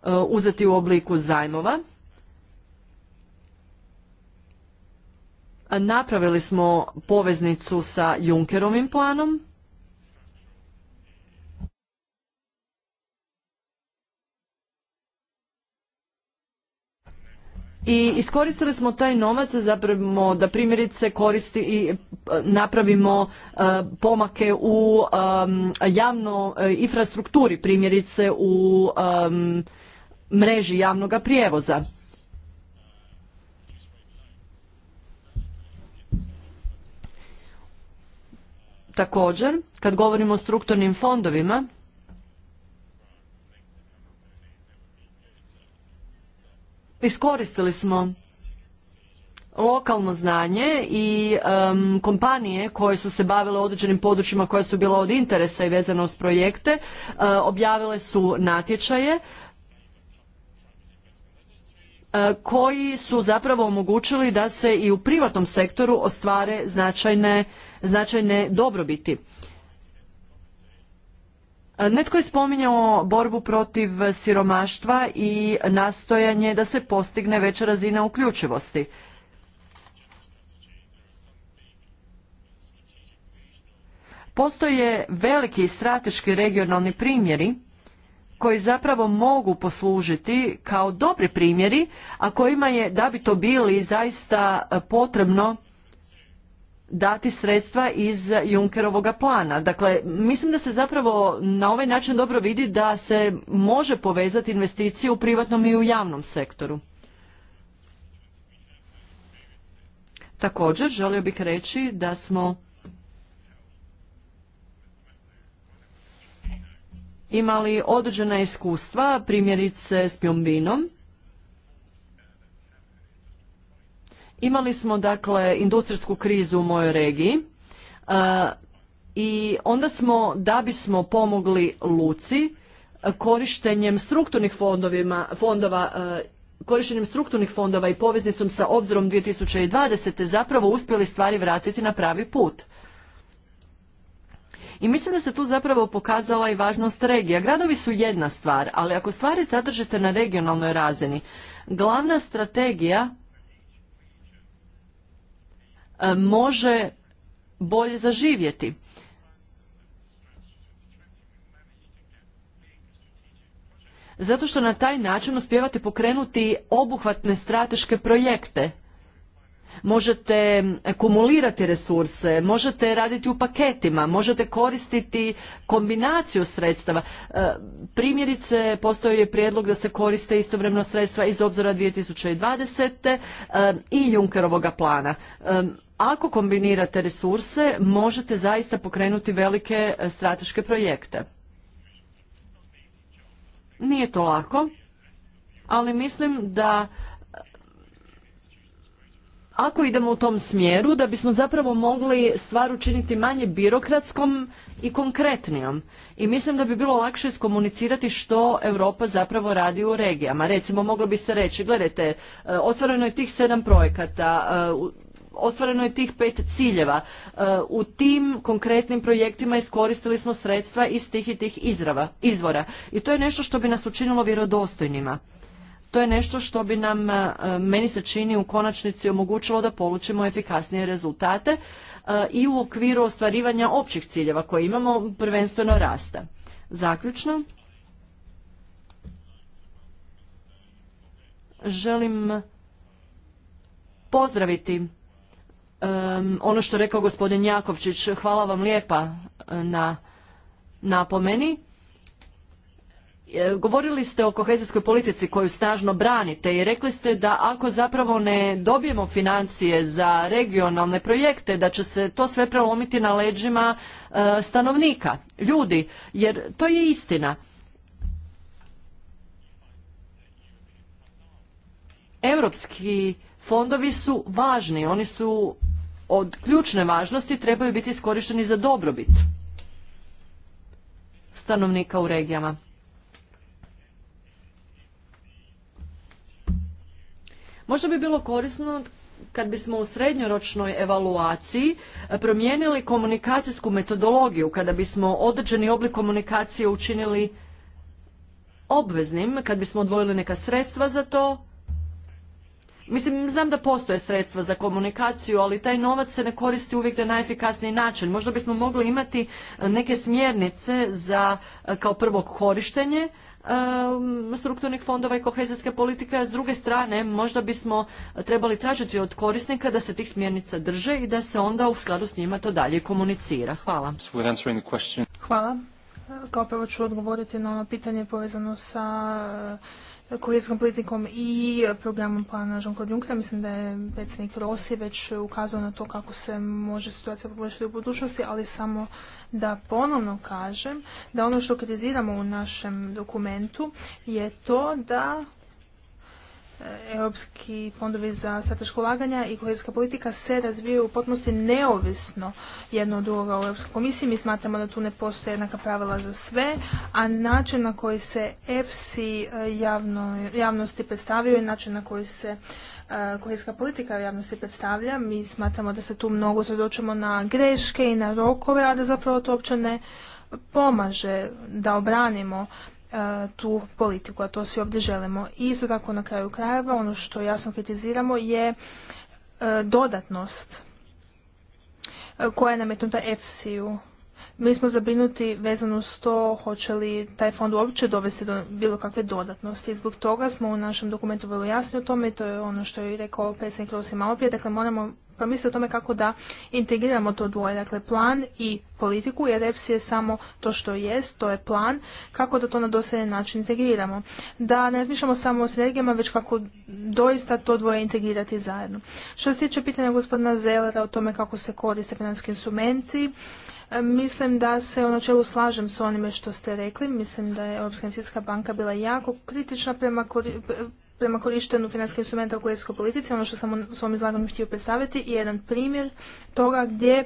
e, uzeti u obliku zajmova. Napravili smo poveznicu sa Junkerovim planom i iskoristili smo taj novac zapravo da primjerice koristi i e, napravimo e, pomake u javno e, infrastrukturi, primjerice u mreži javnog prijevoza. Također, kad govorimo o strukturnim fondovima, Iskoristili smo lokalno znanje i kompanije koje su se bavile određenim područjima koja su bila od interesa i vezano uz projekte eh, objavile su natječaje eh, koji su zapravo omogućili da se i u privatnom sektoru ostvare značajne, značajne dobrobiti. E, netko je spominjao borbu protiv siromaštva i nastojanje da se postigne veća razina uključivosti. Postoje veliki strateški regionalni primjeri koji zapravo mogu poslužiti kao dobri primjeri, a kojima je, da bi to bili zaista potrebno dati sredstva iz Junkerovog plana. Dakle, mislim da se zapravo na ovaj način dobro vidi da se može povezati investicije u privatnom i u javnom sektoru. Također, želio bih reći da smo imali određena iskustva, primjerice s Pjombinom, Imali smo dakle industrijsku krizu u mojoj regiji i onda smo, da bismo pomogli Luci, korištenjem strukturnih fondovima, fondova korištenjem strukturnih fondova i poveznicom sa obzorom 2020. zapravo uspjeli stvari vratiti na pravi put. I mislim da se tu zapravo pokazala i važnost regija. Gradovi su jedna stvar, ali ako stvari zadržite na regionalnoj razini, glavna strategija E, može bolje zaživjeti. Zato što na taj način uspijevate pokrenuti obuhvatne strateške projekte možete kumulirati resurse, možete raditi u paketima, možete koristiti kombinaciju sredstava. E, primjerice, postoji je prijedlog da se koriste istovremeno sredstva iz obzora 2020. E, i Junkerovoga plana. E, ako kombinirate resurse, možete zaista pokrenuti velike strateške projekte. Nije to lako, ali mislim da ako idemo u tom smjeru da bismo zapravo mogli stvar učiniti manje birokratskom i konkretnijom. I mislim da bi bilo lakše iskomunicirati što Europa zapravo radi u regijama. Recimo moglo bi se reći, gledajte, e, ostvareno je tih sedam projekata, e, ostvareno je tih pet ciljeva. E, u tim konkretnim projektima iskoristili smo sredstva iz tih i tih izvora. I to je nešto što bi nas učinilo vjerodostojnima to je nešto što bi nam, e, meni se čini, u konačnici omogućilo da polučimo efikasnije rezultate e, i u okviru ostvarivanja općih ciljeva koje imamo, prvenstveno rasta. Zaključno, želim pozdraviti e, ono što rekao gospodin Jakovčić. Hvala vam lijepa na napomeni. E, govorili ste o kohezijskoj politici koju snažno branite i rekli ste da ako zapravo ne dobijemo financije za regionalne projekte, da će se to sve prelomiti na leđima e, stanovnika, ljudi, jer to je istina. Europski fondovi su važni, oni su od ključne važnosti, trebaju biti iskorišteni za dobrobit stanovnika u regijama. Možda bi bilo korisno kad bismo u srednjoročnoj evaluaciji e, promijenili komunikacijsku metodologiju, kada bismo određeni oblik komunikacije učinili obveznim, kad bismo odvojili neka sredstva za to. Mislim, znam da postoje sredstva za komunikaciju, ali taj novac se ne koristi uvijek na najefikasniji način. Možda bismo mogli imati neke smjernice za e, kao prvo korištenje, strukturnih fondova i kohezijske politike, a s druge strane možda bismo trebali tražiti od korisnika da se tih smjernica drže i da se onda u skladu s njima to dalje komunicira. Hvala. Hvala. Kao prvo ću odgovoriti na ono pitanje povezano sa s politikom i programom plana Jean-Claude Mislim da je predsjednik Rosije već ukazao na to kako se može situacija poboljšati u budućnosti, ali samo da ponovno kažem da ono što kritiziramo u našem dokumentu je to da europski fondovi za strateško ulaganja i kohezijska politika se razvijaju u potpunosti neovisno jedno od drugoga u Europskoj komisiji. Mi smatramo da tu ne postoje jednaka pravila za sve, a način na koji se EFSI javnosti predstavljaju i način na koji se e, kohezijska politika javnosti predstavlja. Mi smatramo da se tu mnogo svjedočimo na greške i na rokove, a da zapravo to uopće ne pomaže da obranimo E, tu politiku, a to svi ovdje želimo. I isto tako na kraju krajeva ono što jasno kritiziramo je e, dodatnost e, koja je nametnuta EFSI-u. Mi smo zabrinuti vezano s to hoće li taj fond uopće dovesti do bilo kakve dodatnosti. Zbog toga smo u našem dokumentu vrlo jasni o tome i to je ono što je rekao predsjednik Rosi malo prije. Dakle, moramo pa mislim o tome kako da integriramo to dvoje, dakle plan i politiku, jer EPS je samo to što jest, to je plan, kako da to na dosljedan način integriramo. Da ne razmišljamo samo o sinergijama, već kako doista to dvoje integrirati zajedno. Što se tiče pitanja gospodina Zelera o tome kako se koriste financijski instrumenti, e, Mislim da se u načelu slažem s onime što ste rekli. Mislim da je Europska investicijska banka bila jako kritična prema prema korištenju financijskih instrumenta u kohezijskoj politici, ono što sam u svom izlaganju htio predstaviti, je jedan primjer toga gdje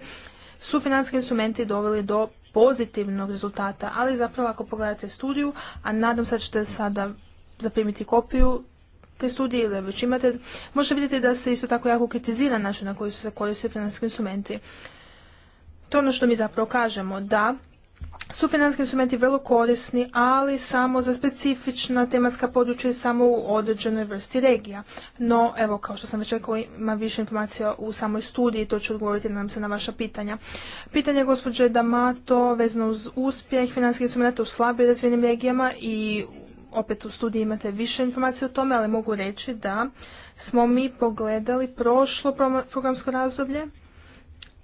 su financijski instrumenti doveli do pozitivnog rezultata, ali zapravo ako pogledate studiju, a nadam se da ćete sada zaprimiti kopiju te studije ili već imate, možete vidjeti da se isto tako jako kritizira način na koji su se koristili financijski instrumenti. To je ono što mi zapravo kažemo, da su financijski instrumenti vrlo korisni, ali samo za specifična tematska područja i samo u određenoj vrsti regija. No, evo, kao što sam već rekao, ima više informacija u samoj studiji, to ću odgovoriti nam se na vaša pitanja. Pitanje gospođe Damato vezano uz uspjeh financijskih instrumenta u slabije razvijenim regijama i opet u studiji imate više informacija o tome, ali mogu reći da smo mi pogledali prošlo programsko razdoblje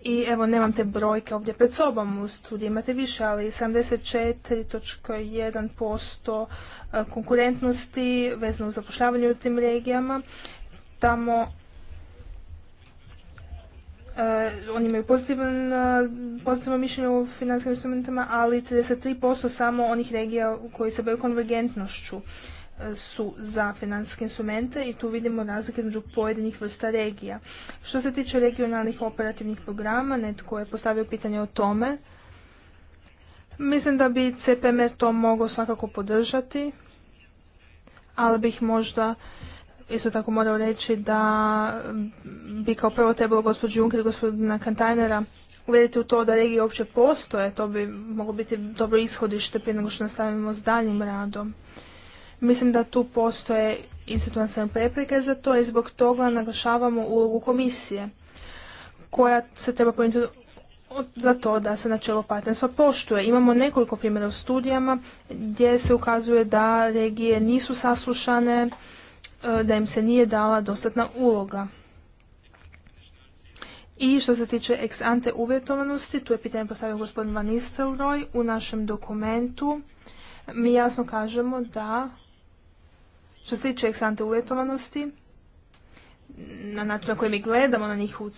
i evo, nemam te brojke ovdje pred sobom, u studiji imate više, ali 74.1% e, konkurentnosti vezano u zapošljavanje u tim regijama. Tamo e, oni imaju e, pozitivno mišljenje o financijskim instrumentima, ali 33% samo onih regija koji se baju konvergentnošću su za financijske instrumente i tu vidimo razlike između pojedinih vrsta regija. Što se tiče regionalnih operativnih programa, netko je postavio pitanje o tome. Mislim da bi CPM to mogao svakako podržati, ali bih možda isto tako morao reći da bi kao prvo trebalo gospođu Juncker i gospodina Kantajnera uvjeriti u to da regije uopće postoje, to bi moglo biti dobro ishodište prije nego što nastavimo s daljim radom. Mislim da tu postoje institucionalne prepreke za to i zbog toga naglašavamo ulogu komisije koja se treba pomenuti za to da se načelo partnerstva poštuje. Imamo nekoliko primjera u studijama gdje se ukazuje da regije nisu saslušane, e, da im se nije dala dostatna uloga. I što se tiče ex ante uvjetovanosti, tu je pitanje postavio gospodin Van u našem dokumentu. Mi jasno kažemo da što se tiče eksante uvjetovanosti, na način na koji mi gledamo na njih u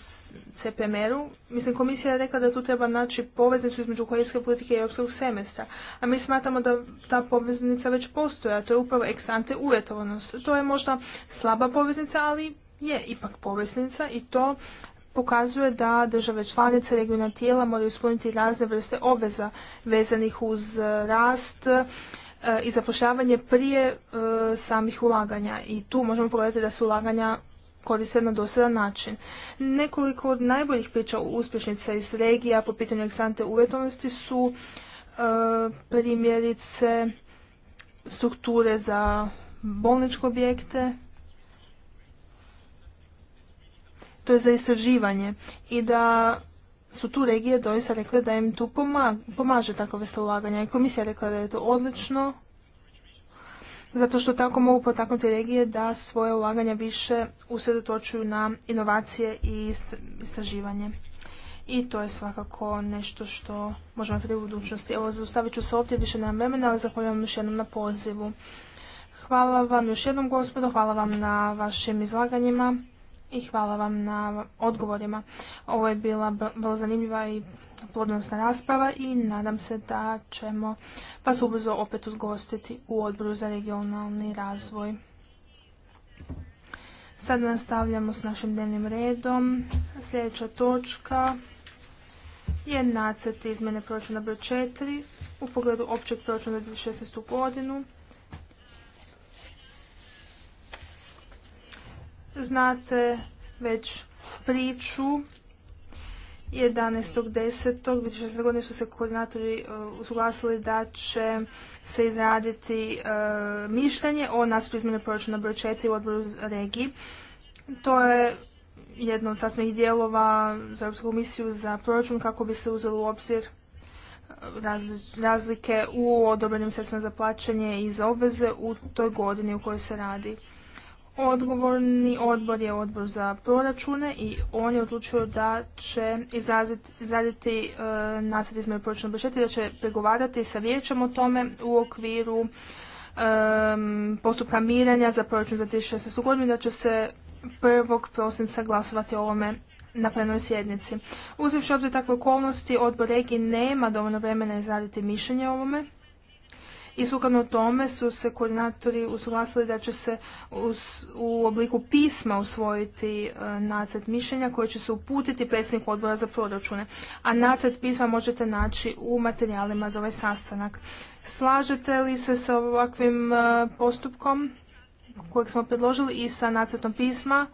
CPMR-u, mislim komisija je rekla da tu treba naći poveznicu između kohezijske politike i europskog semestra, a mi smatramo da ta poveznica već postoji, a to je upravo eksante uvjetovanost. To je možda slaba poveznica, ali je ipak poveznica i to pokazuje da države članice regionalna tijela moraju ispuniti razne vrste obveza vezanih uz rast, E, i zapošljavanje prije e, samih ulaganja i tu možemo pogledati da se ulaganja koriste na dosadan način. Nekoliko od najboljih priča uspješnica iz regija po pitanju eksante uvjetovnosti su e, primjerice strukture za bolničke objekte, to je za istraživanje i da su tu regije doista rekle da im tu pomaže tako vrsta ulaganja. I komisija je rekla da je to odlično, zato što tako mogu potaknuti regije da svoje ulaganja više usredotočuju na inovacije i istraživanje. I to je svakako nešto što možemo prije u budućnosti. Evo, zaustavit ću se ovdje, više nemam vremena, ali zahvaljujem još jednom na pozivu. Hvala vam još jednom, gospodo, hvala vam na vašim izlaganjima i hvala vam na odgovorima. Ovo je bila vrlo zanimljiva i plodnostna rasprava i nadam se da ćemo vas ubrzo opet ugostiti u odboru za regionalni razvoj. Sad nastavljamo s našim dnevnim redom. Sljedeća točka je nacrt izmjene proračuna broj 4 u pogledu općeg proračuna za 2016. godinu Znate već priču 11.10. godine su se koordinatori e, usuglasili da će se izraditi e, mišljenje o nacrtu izmjene proračuna broj 4 u odboru regiji. To je jedno od sasvih dijelova za Europsku komisiju za proračun kako bi se uzelo u obzir e, razlike u odobrenim sredstvima za plaćanje i za obveze u toj godini u kojoj se radi. Odgovorni odbor je odbor za proračune i on je odlučio da će izraditi e, nacrt izmjene proračuna budžeta da će pregovarati sa vijećem o tome u okviru postupka mirenja za proračun za 2016. godinu i da će se 1. prosinca glasovati o ovome na plenoj sjednici. Uzevši obzir takve okolnosti, odbor regi nema dovoljno vremena izraditi mišljenje o ovome i sukladno tome su se koordinatori usuglasili da će se u obliku pisma usvojiti e, nacrt mišljenja koje će se uputiti predsjedniku odbora za proračune, a nacrt pisma možete naći u materijalima za ovaj sastanak. Slažete li se sa ovakvim e, postupkom kojeg smo predložili i sa nacrtom pisma?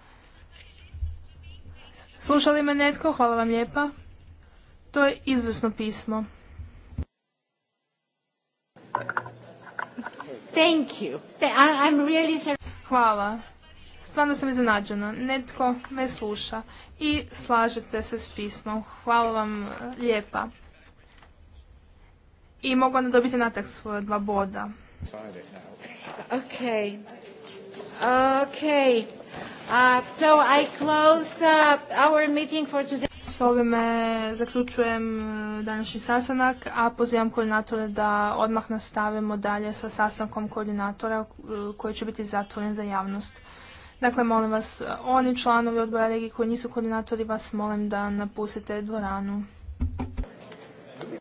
Slušali me netko? Hvala vam lijepa. To je izvrsno pismo. Thank you. I'm really... Hvala. Stvarno sam iznenađena. Netko me sluša i slažete se s pismom. Hvala vam e, lijepa. I mogu onda dobiti natak svoje dva boda. Okay. Okay. Uh, so I close uh, our meeting for today ovime zaključujem e, današnji sastanak, a pozivam koordinatore da odmah nastavimo dalje sa sastankom koordinatora e, koji će biti zatvoren za javnost. Dakle, molim vas, e, oni članovi odbora regije koji nisu koordinatori, vas molim da napustite dvoranu.